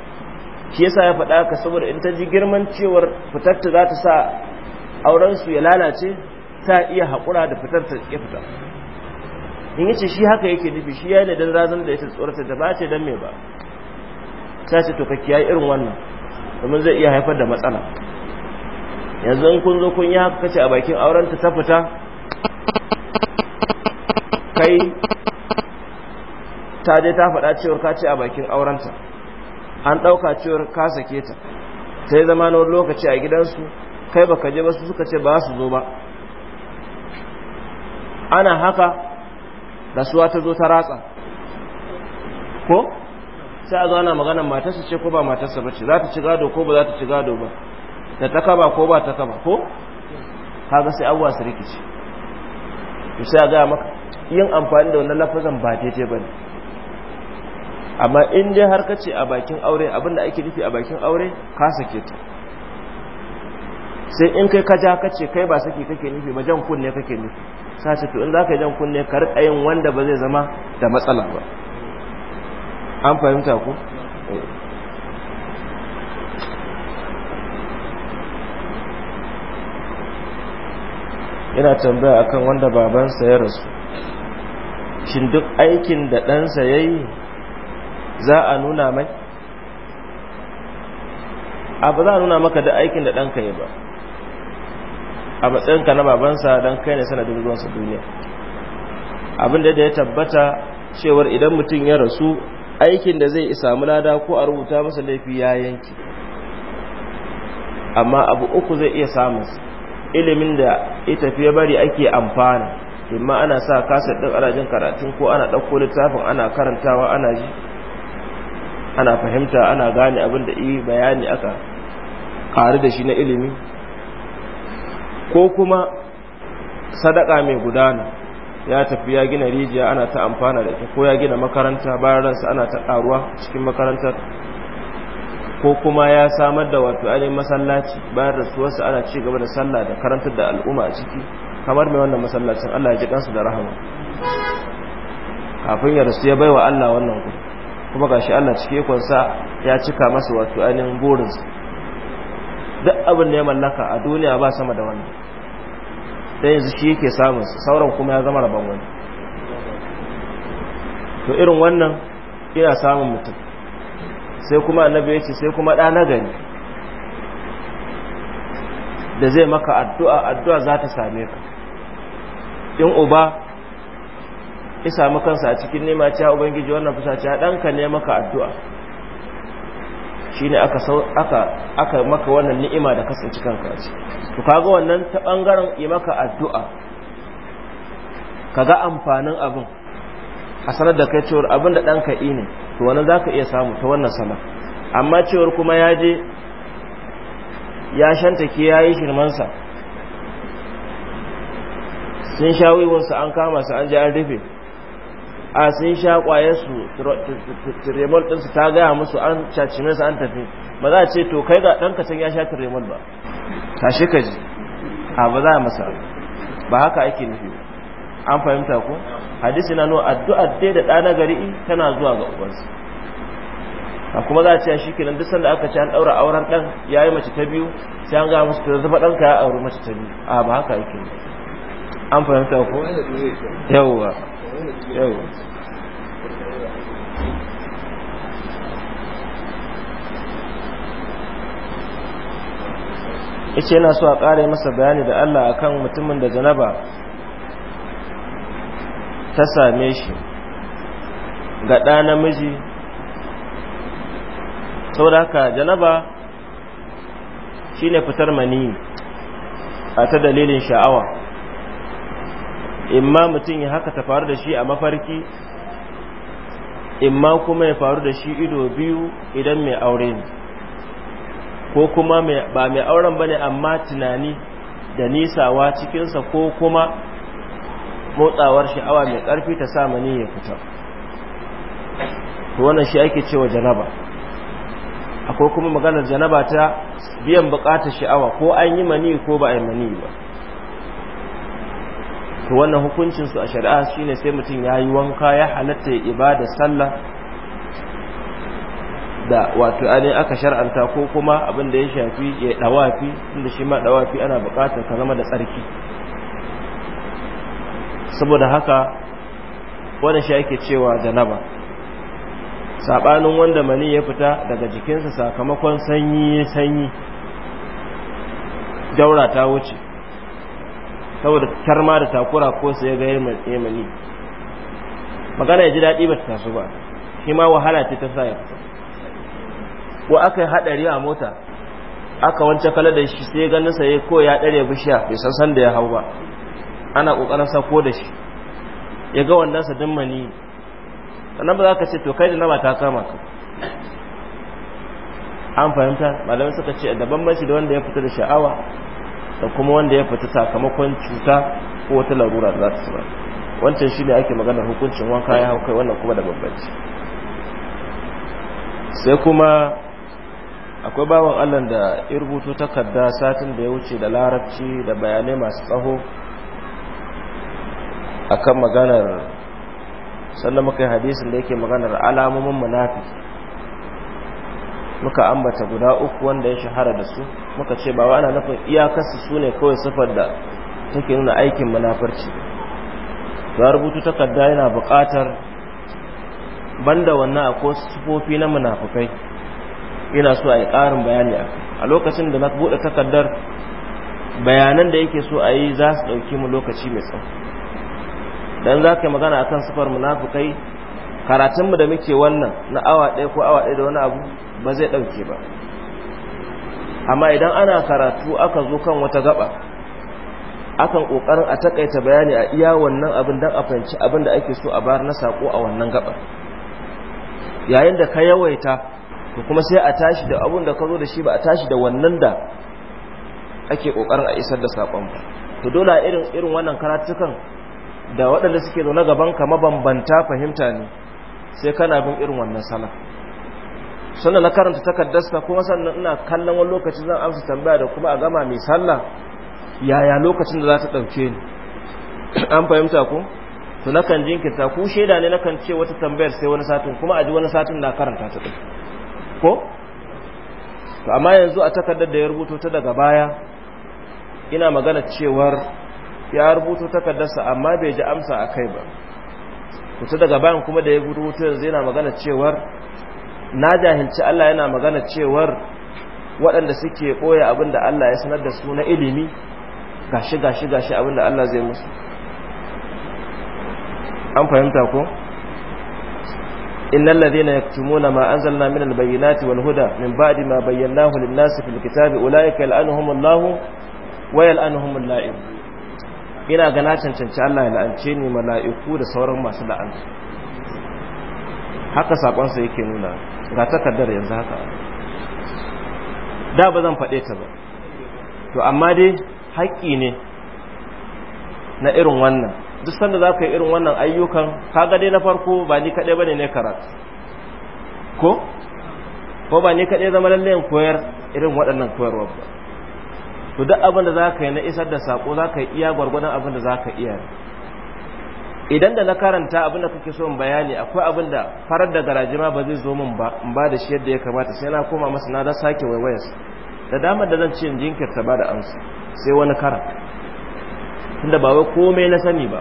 shi yasa ya faɗa ka saboda in ta ji girman cewar fitarta za ta sa aurensu ya lalace ta iya haƙura da fitarta ya fita in yace shi haka yake nufi shi ya ne don razan da ya tsoratar da ba ce don me ba ta ce to ka kiyaye irin wannan domin zai iya haifar da matsala yanzu in kun zo kun yi haka kace a bakin aurenta ta fita kai ta je ta faɗa cewar ka ce a bakin aurenta an ɗauka cewar ka sake ta sai zama na wani lokaci a gidansu kai ba ka je ba su suka ce ba su zo ba ana haka rasuwa ta zo ta ratsa ko sai a zo ana magana matarsa ce ko ba matarsa ba ce za ta ci gado ko ba za ta ci gado ba da ta kaba ko ba ta kaba ko kaga sai abuwa su rikici sai a gaya maka yin amfani da wannan lafazan ba daidai ba ne amma in dai har kace a bakin aure abin da ake nufi a bakin aure ka sake ta sai in kai ka ja kace kai ba saki kake nufi ba jan kunne kake nufi sace to in zaka jan kunne ka rika yin wanda ba zai zama da matsala ba an fahimta ku eh. Ina tambaya akan wanda babansa ya rasu shin duk aikin da ɗansa ya yi za a nuna mai a ba za a nuna maka da aikin da ɗanka yi ba a matsayinka na babansa don kai ne sanadin ruwansa duniya abinda da ya tabbata cewar idan mutum ya rasu aikin da zai samu lada ko a rubuta masa laifi ya yanki amma abu uku zai iya samun ilimin da ya tafi ya bari ake amfana imma ana sa kasar ɗin ana jin karatun ko ana ɗauko littafin ana karantawa ana ji ana fahimta ana gane abin da yi bayani aka ƙari da shi na ilimi ko kuma sadaka mai gudana ya tafi ya gina rijiya ana ta amfana da ita ko ya gina makaranta bayan ransa ana ta ƙaruwa cikin makarantar ko kuma ya samar da wato ainihin masallaci bayan rasuwarsa ana ci gaba da sallah da karantar da al'umma a ciki kamar mai wannan masallacin Allah ya ji kansu da rahama kafin ya rasu ya baiwa Allah wannan kuɗi kuma shi Allah cike kunsa ya cika masa wato ainihin burinsa duk abin da ya mallaka a duniya ba sama da wannan dan yanzu shi yake samun sauran kuma ya zama rabon wani to irin wannan ina samun mutum sai kuma annabi ya ce sai kuma ɗa na gani. da zai maka addu'a addu'a za ta same ka in uba ya samu kansa a cikin nema cewa ubangiji wannan fusaci ɗanka ne maka addu'a shine aka aka aka maka wannan ni'ima da kasance kanka ce to kaga wannan ta bangaren yi maka addu'a kaga amfanin abin a sanar da kai cewar abin da ɗanka yi ne to wannan zaka iya samu ta wannan sana amma cewar kuma ya je ya shantake ya yi shirmansa sun sha wiwinsa an kama su an ji an rufe a sun sha ƙwayarsu tiremol ɗinsu ta gaya musu an cacime su an tafi ba za a ce to kai ga ɗanka can ya sha tiremol ba shi ka ji a ba za a masa ba haka ake nufi an fahimta ko hadisi na nuna addu'ar dai da ɗana gari tana zuwa ga ubansu a kuma za a ce shi kenan duk sanda aka ce an ɗaura auren ɗan ya yi mace ta biyu sai an gaya musu ta zafa ɗanka ya auri mace ta biyu a ba haka ake an fahimta ko yawwa ice yana so a ƙara masa bayani da Allah akan mutumin da janaba ta same shi ga ɗa namiji saboda haka janaba shine fitar mani a ta dalilin sha'awa imma mutum ya haka ta faru da shi a mafarki imma kuma ya faru da shi ido biyu idan mai aure ne ko kuma ba mai auren ba ne amma tunani da nisawa cikinsa ko kuma motsawar sha'awa mai ƙarfi ta sa mani ya fita wannan shi ake cewa janaba akwai kuma maganar janaba ta biyan bukatar sha'awa ko an yi mani ko ba a yi mani ba to wannan hukuncin su a shari'a shine sai mutum ya yi wanka ya halatta ya ibada sallah da wato ainihin aka shar'anta ko kuma abin da ya shafi ya dawafi inda shi ma dawafi ana bukatar ka zama da tsarki saboda haka wannan shi ake cewa janaba sabanin wanda mani ya fita daga jikinsa sakamakon sanyi sanyi daura ta wuce saboda karma da takura ko sai ga yamani magana ya ji daɗi ba ta taso ba shi ma wahala ce ta sa ko aka yi haɗari a mota aka wance kala da shi sai ganin sa ko ya ɗare bishiya bai san san da ya hau ba ana ƙoƙarin sako da shi ya ga wannan sa din mani sannan ba za ka ce to kai da na ba ta kama ka an fahimta malamai suka ce da shi da wanda ya fita da sha'awa da kuma wanda ya fita sakamakon cuta ko wata larura da za ta samu wancan shi ne ake maganar hukuncin wanka ya hau kai wannan kuma da babbanci sai kuma akwai bawan Allah da ya rubuto takarda satin da ya wuce da larabci da bayanai masu tsaho A kan maganar sannan muka yi hadisin da yake maganar alamomin munafiki muka ambata guda uku wanda ya shahara da su muka ce ba ana nufin iyakarsu su ne kawai sifar da take nuna aikin munafarci ya rubutu takarda yana buƙatar banda wannan akwai sifofi na munafukai ina so a yi ƙarin bayani a lokacin da na buɗe takardar bayanan da yake so a yi za su ɗauki mu lokaci mai tsawo don za ka yi magana akan sifar munafukai karatunmu da muke wannan na awa ɗaya ko awa ɗaya da wani abu ba zai ɗauke ba amma idan ana karatu aka zo kan wata gaba akan kokarin a takaita bayani a iya wannan abin dan a fahimci abin da ake so a bayar na sako a wannan gaba yayin da ka yawaita to kuma sai a tashi da abin da ka zo da shi ba a tashi da wannan da ake kokarin a isar da sakon ba to dole a irin irin wannan karatukan da waɗanda suke zaune gaban ka mabambanta fahimta ne sai kana bin irin wannan sana'a. sannan na karanta takardarsa kuma sannan ina kallon wani lokaci zan amsa tambaya da kuma a gama mai sallah yaya lokacin da za ta ɗauke ni an fahimta ko to na kan jinkirta ku shaida ne na kan ce wata tambayar sai wani satin kuma a ji wani satin na karanta ta ɗin ko to amma yanzu a takardar da ya rubuto ta daga baya ina magana cewar ya rubuto takardarsa amma bai ji amsa a kai ba ta daga bayan kuma da ya rubuto yanzu yana magana cewar na jahilci Allah yana magana cewar waɗanda suke ɓoye abinda Allah ya sanar da su na ilimi gashi gashi gashi shi abinda Allah zai musu an fahimta ko innal ladhina yaktumuna ma anzalna minal bayyinati wal huda min ba'di ma bayyanahu lin nasi fil kitabi ulaika yal'anuhumullahu wa yal'anuhumul la'in ina ga na cancanci Allah ya la'ance ni mala'iku da sauran masu la'anta haka sakonsa yake nuna ga takardar yanzu haka da ba zan faɗe ta ba to amma dai haƙƙi ne na irin wannan duk sanda za ka yi irin wannan ayyukan kaga dai na farko ba ni kaɗai ba ne ne karatu ko ko ba ni kaɗai zama lallayin koyar irin waɗannan koyarwa ba to duk abin da za ka yi na isar da sako za ka yi iya gwargwadon abin da za ka iya idan da na karanta abin da kake so in bayani akwai abin da farar da garajima ba zai zo min ba in ba da shi yadda ya kamata sai na koma masa na da sake waiwayarsa da damar da zan ce in jinkirta ba da amsa sai wani kara tunda ba wai komai na sani ba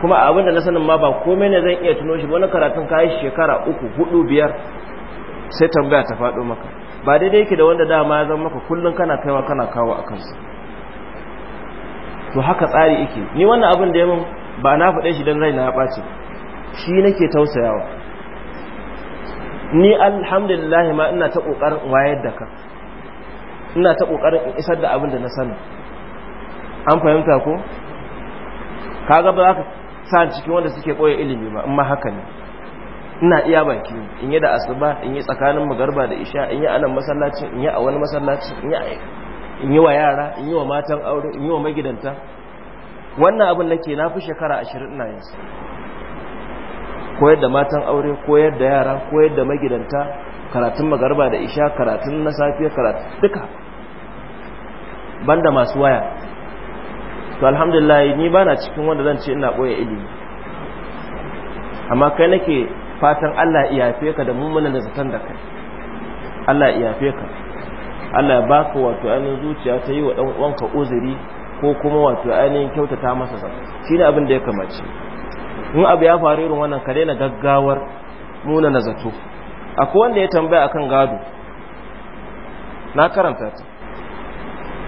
kuma abin da na sanin ma ba komai ne zan iya tuno shi wani karatun kayi shekara uku hudu biyar sai tambaya ta faɗo maka ba daidai yake da wanda dama ya zama maka kullum kana kaiwa kana kawo a kansa to haka tsari yake ni wannan abin da ya mun ba na faɗe shi don raina ya ɓace shi nake tausayawa ni alhamdulillah ma ina ta ƙoƙarin wayar da ka ina ta ƙoƙarin in isar da abin da na sani an fahimta ko kaga ba ka sa cikin wanda suke ɓoye ilimi ba in haka ne ina iya baki in yi da asuba in yi tsakanin magarba da isha in yi a nan masallacin in yi a wani masallacin in yi wa yara in yi wa matan aure in yi wa magidanta wannan abin nake na fi shekara ashirin ina yanzu. koyar da matan aure koyar da yara koyar da magidanta karatun magarba da isha karatun na safiya karatun duka banda masu waya to alhamdulillah ni bana cikin wanda zan ce ina boye ilimi amma kai nake fatan Allah ya yafe ka da mummunan da zaton da kai Allah ya yafe ka Allah ya baka wato an zuciya ta yi wa dan uwanka uzuri ko kuma wato ainihin kyautata masa sa shi ne abin da ya kamace in abu ya faru irin wannan ka daina gaggawar muna na zato akwai wanda ya tambaya akan gado na karanta ta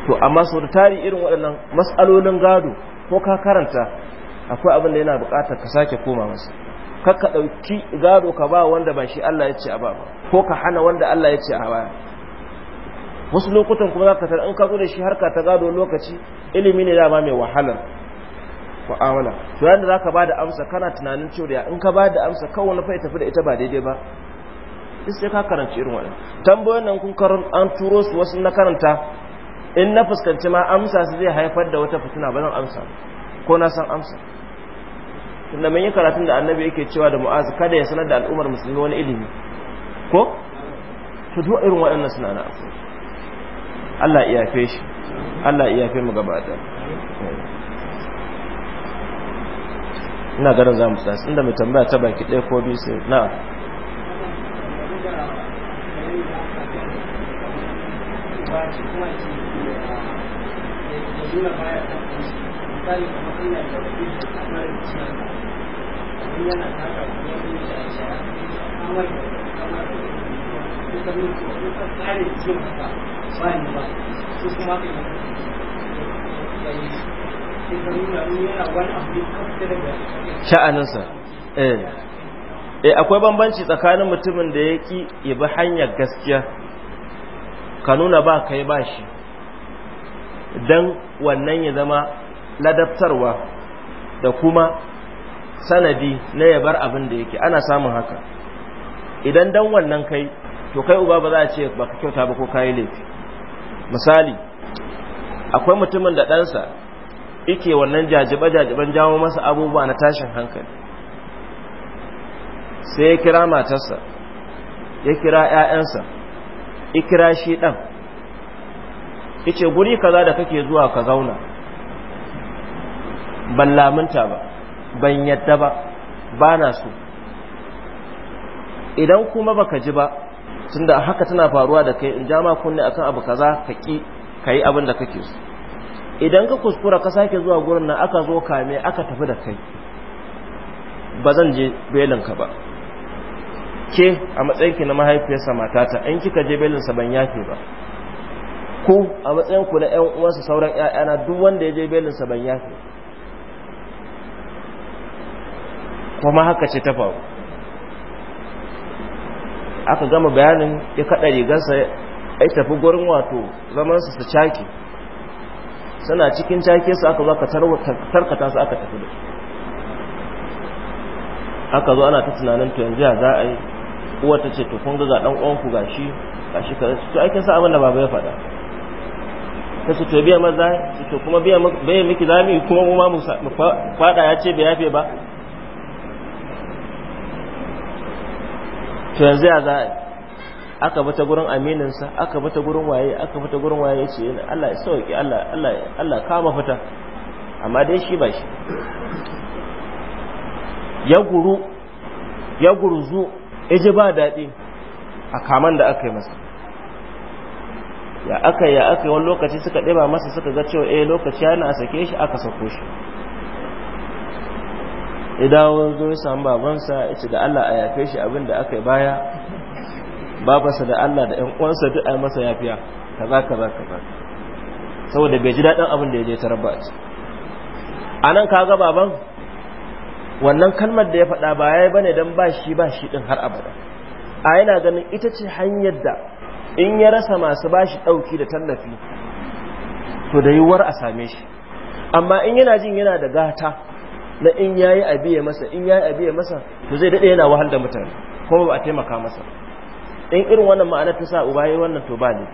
to amma sau da tari irin waɗannan matsalolin gado ko ka karanta akwai abin da yana buƙatar ka sake koma masa ka ɗauki gado ka ba wanda ba shi Allah ya ce a ba ko ka hana wanda Allah ya ce a baya wasu lokutan kuma za ka tara in ka zo da shi harka ta gado lokaci ilimi ne dama mai wahalar mu'amala to yanda za ka ba da amsa kana tunanin cewa in ka ba da amsa kawai wani fai tafi da ita ba daidai ba duk sai ka karanci irin waɗannan tambayoyin nan kun karan an turo su wasu na karanta in na fuskanci ma amsa su zai haifar da wata fitina ba zan amsa ko na san amsa tunda mun yi karatun da annabi yake cewa da mu'azu kada ya sanar da al'ummar musulmi wani ilimi ko to duk irin waɗannan suna na asali Allah ya yafe shi Allah ya yafe mu gaba da ina garin zamu tsaya inda mai tambaya ta baki ɗaya ko biyu sai na yana sha'aninsa eh. eh akwai bambanci tsakanin mutumin da ya ki ya bi hanyar gaskiya ka nuna ba kai ba shi dan wannan ya zama ladabtarwa da kuma sanadi na ya bar abin da yake ana samun haka idan dan wannan kai to kai uba ba za a ce ba ka kyauta ba ko kayi laifi misali akwai mutumin da ɗansa ike wannan jajiba jajiben jawo masa abubuwa na tashin hankali sai ya kira matarsa ya kira 'ya'yansa ya kira shi ɗan ice guri kaza da kake zuwa ka zauna ban lamunta ba ban yadda ba ba na so idan kuma baka ji ba tunda haka tana faruwa da kai in ja ma kunne akan abu kaza ka ki kai abin da kake so idan ka kuskura ka sake zuwa gurin nan aka zo kame aka tafi da kai ba zan je belinka ba ke a matsayinki na mahaifiyarsa matata in kika je belinsa ban yafe ba ku a matsayinku na ƴan uwansa sauran ƴaƴana duk wanda ya je belinsa ban yafe kuma haka ce ta faru aka gama bayanin ya kada rigarsa ya tafi gurin wato zamansa su caki suna cikin cake su aka zaka tarkata su aka tafi da aka zo ana ta tunanin to yanzu ya za a yi uwa ta ce to kun ga dan uwanku gashi gashi kaza to ai kin sa abin da baba ya faɗa ta ce to biya maza to kuma biya biya miki zami kuma mu ma mu faɗa ya ce bai yafe ba to yanzu ya za aka bi ta gurin aminansa aka bi ta gurin waye aka bi ta gurin waye ya ce Allah ya sauki Allah Allah Allah kama fita amma dai shi ba shi ya guru ya guruzu ya ji ba daɗi a kaman da aka yi masa ya aka ya aka wani lokaci suka ɗiba masa suka ga cewa eh lokaci yana a sake shi aka sako shi ya dawo zo ya samu babansa ya ce da Allah a yafe shi abin da aka yi baya babansa da Allah da 'yan duk a yi masa yafiya za ka za saboda bai ji daɗin abin da ya je tarar ba a a nan kaga baban wannan kalmar da ya faɗa ba ya yi bane don ba shi ba shi ɗin har abada a yana ganin ita ce hanyar da in ya rasa masu ba shi ɗauki da tallafi to da yiwuwar a same shi amma in yana jin yana da gata na in yayi abiye masa in yayi abiye masa to zai dade yana wahal da mutane kuma ba a taimaka masa in irin wannan ma'ana ta sa uba yayi wannan to ba ne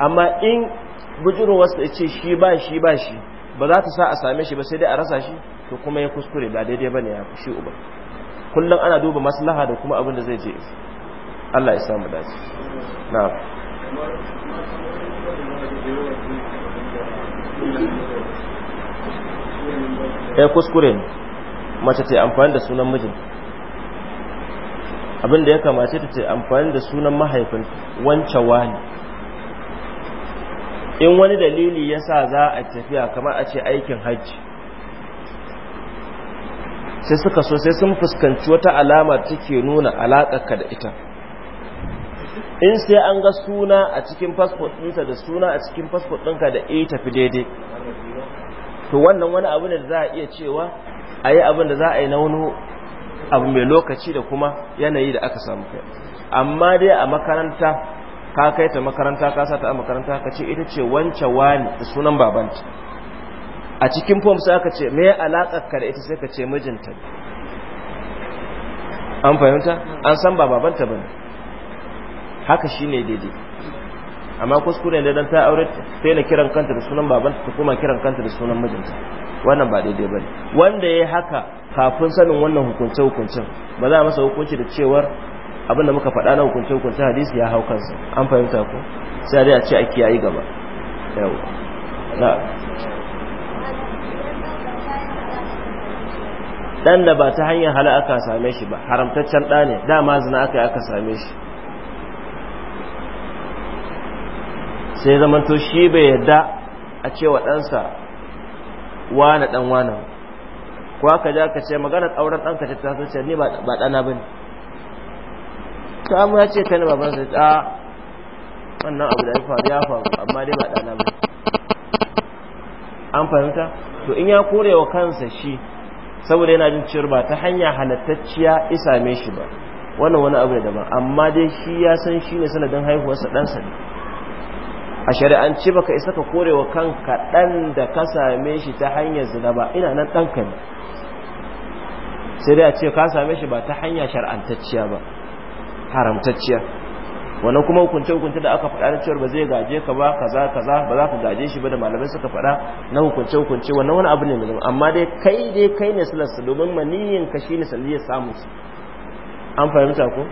amma in bujurowar sa yace shi ba shi ba shi ba za ta sa a same shi ba sai dai a rasa shi to kuma ya kuskure ba daidai bane ya shi uba kullum ana duba maslaha da kuma abin da zai je Allah ya samu dace na'am Thank you. ya kuskure ne mace ta amfani da sunan mijin abin da ya kamace ta ta amfani da sunan mahaifin wance wani in wani dalili ya sa za a tafiya kamar a ce aikin hajji sai suka so sai sun fuskanci wata alama take nuna alaƙarka da ita in sai an ga suna a cikin fasfot ɗinta da suna a cikin fasfot ɗinka da e fi daidai to wannan wani abu ne da za a iya cewa a yi abin da za a yi na wani abu mai lokaci da kuma yanayi da aka samu kai amma dai a makaranta ka kai ta makaranta ka sa ta a makaranta ka ce ita ce wance wani da sunan babanta a cikin fom sai aka ce me alaƙar ka da ita sai ka ce mijinta an fahimta an san ba babanta ba haka shine daidai amma kuskure da dan ta aure sai na kiran kanta da sunan babanta ta kuma kiran kanta da sunan mijinta wannan ba daidai bane wanda yayi haka kafin sanin wannan hukunce hukuncin ba za a masa hukunci da cewar abin da muka faɗa na hukunce hukuncin hadisi ya hau kansa an fahimta ko sai dai a ce a kiyaye gaba yawa na dan da ba ta hanyar halaka aka same shi ba haramtaccen da ne dama zina aka yi aka same shi sai zamanto shi bai yadda a cewa ɗansa wane ɗan wane ko aka ja ka ce maganar auren ɗanka ta ta sace ni ba ɗana ba ne amu ya ce kai na baban sai ta wannan abu da ya faru amma dai ba ɗana ba an fahimta to in ya kore wa kansa shi saboda yana jin ciyar ba ta hanya halattacciya isa mai shi ba wannan wani abu da daban amma dai shi ya san shi ne sanadin haihuwarsa ɗansa ne a shari'anci baka isa ka korewa kanka dan da ka same shi ta hanyar zina ba ina nan danka ne sai dai a ce ka same shi ba ta hanya shar'antacciya ba haramtacciya wannan kuma hukunce hukunce da aka faɗa na cewar ba zai gaje ka ba kaza kaza ba za ka gaje shi ba da malamai suka faɗa na hukunce hukunce wannan wani abu ne mai zama amma dai kai dai kai ne silarsa domin maniyin ka shine sanadiyar samun su an fahimta ko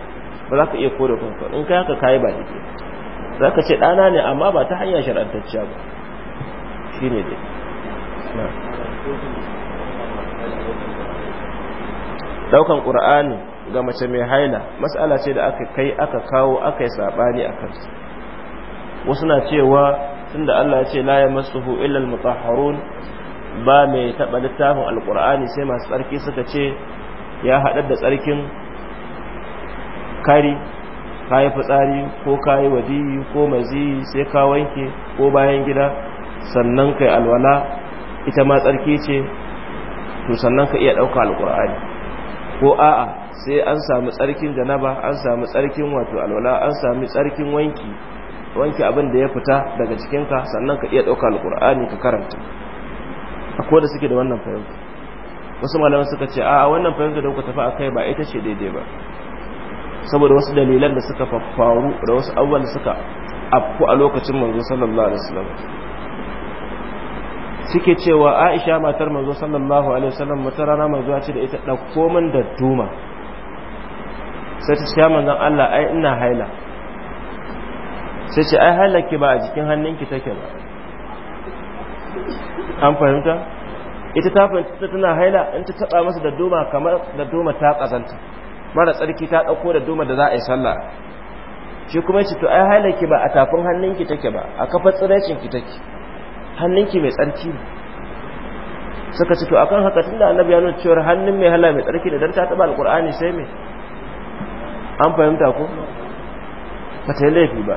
ba za ka iya kore kanka in kai ka kayi ba daidai zaka ce ɗana ne amma ba ta hanya shar'antacciya ba shine dai ɗaukan ƙur'ani ga mace mai haila mas'ala ce da aka kai aka kawo aka yi saɓani a su wasu na cewa tunda Allah ya ce la yamassuhu illa al-mutahharun ba mai taɓa littafin alƙur'ani sai masu tsarki suka ce ya haɗar da tsarkin kari ka yi fitsari ko ka yi ko mazi sai ka wanke ko bayan gida sannan kai alwala ita ma tsarki ce to sannan ka iya ɗauka alƙur'ani ko a'a sai an samu tsarkin janaba an samu tsarkin wato alwala an samu tsarkin wanki wanki abin da ya fita daga cikinka sannan ka iya ɗauka alƙur'ani ka karanta akwai da suke da wannan fahimta wasu malaman suka ce a wannan fahimta da kuka tafi a kai ba ita ce daidai ba saboda wasu dalilan da suka faru da wasu abubuwan da suka afku a lokacin manzo sallallahu alaihi wasallam suke cewa Aisha matar manzo sallallahu alaihi wasallam mata rana manzo ce da ita dauko min da duma sai ta ce manzon Allah ai ina haila sai ce ai halaki ba a jikin hannunki take ba an fahimta ita ta fahimta tana haila in ta taba masa da duma kamar da duma ta kazanta mara tsarki ta ɗauko da duma da za a yi sallah shi kuma ce to ai hailaki ba a tafin hannunki take ba a kafar ki take hannunki mai tsarki ne suka ce to akan haka tunda annabi ya nuna cewa hannun mai hala mai tsarki da dan ta taba alqur'ani sai me an fahimta ko ba ta laifi ba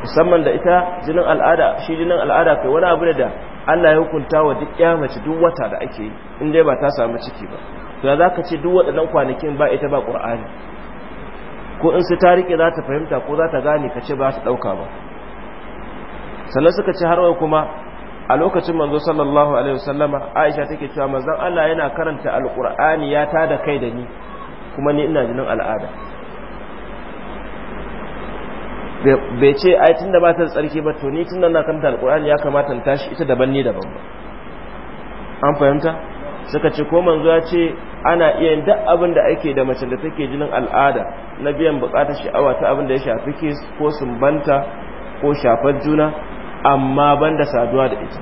musamman da ita jinin al'ada shi jinin al'ada kai wani abu da Allah ya hukunta wa duk mace duk wata da ake yi in dai ba ta samu ciki ba to ya zaka ce duk waɗannan kwanakin ba ita ba qur'ani ko in su ta rike za ta fahimta ko za ta gane ka ce ba su ɗauka ba sannan suka ce har kuma a lokacin manzo sallallahu alaihi wasallama aisha take cewa manzon Allah yana karanta alqur'ani ya da kai da ni kuma ni ina jinin al'ada bai ce ai tunda ba ta tsarki ba to ni tunda na karanta alqur'ani ya kamata in tashi ita daban ni daban ba an fahimta suka ce ko manzo ya ce ana iya yin duk abin da ake da mace da take jinin al'ada na biyan bukatar sha'awa ta abin da ya shafi ke ko sumbanta ko shafar juna amma ban da saduwa da ita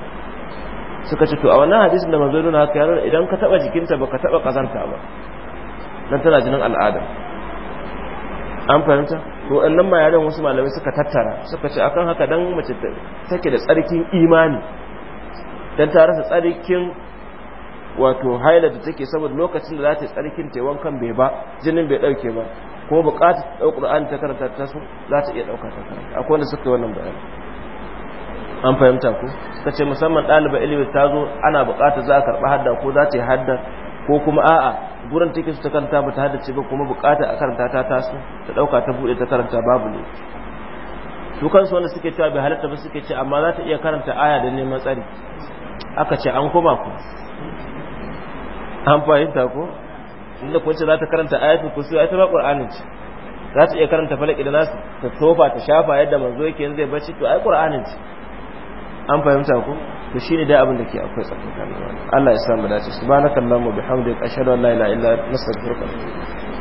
suka ce to a wannan hadisin da manzo nuna haka yaron idan ka taba jikinta baka taba kazanta ba don tana jinin al'ada an fahimta to wannan ma yaron wasu malamai suka tattara suka ce akan haka dan mace take da tsarkin imani dan ta rasa tsarkin wato haila da take saboda lokacin da za ta yi tsarkin ta wankan bai ba jinin bai dauke ba ko bukata ta dauki Qur'ani ta karanta ta so za ta iya dauka ta karanta akwai wanda suka yi wannan bayani an fahimta ko ce musamman ɗaliba ilimi ta zo ana bukata za a karba hadda ko za ta yi hadda ko kuma a'a gurin take su ta karanta ba ta haddace ba kuma bukata a karanta ta taso ta dauka ta bude ta karanta babu ne su kansu wanda suke cewa bai halatta ba suke ce amma za ta iya karanta aya da neman tsari aka ce an koma ku an fahimta ko inda kun ce za ta karanta ayatul kursi ai ta qur'ani ce za ta iya karanta falaki da nasu ta tofa ta shafa yadda manzo yake yanzu zai bacci to ai qur'ani ce an fahimta ko to shine dai abin da ke akwai tsakanin Allah ya samu dace subhanakallahumma bihamdika ashhadu an la ilaha illa anta astaghfiruka wa atubu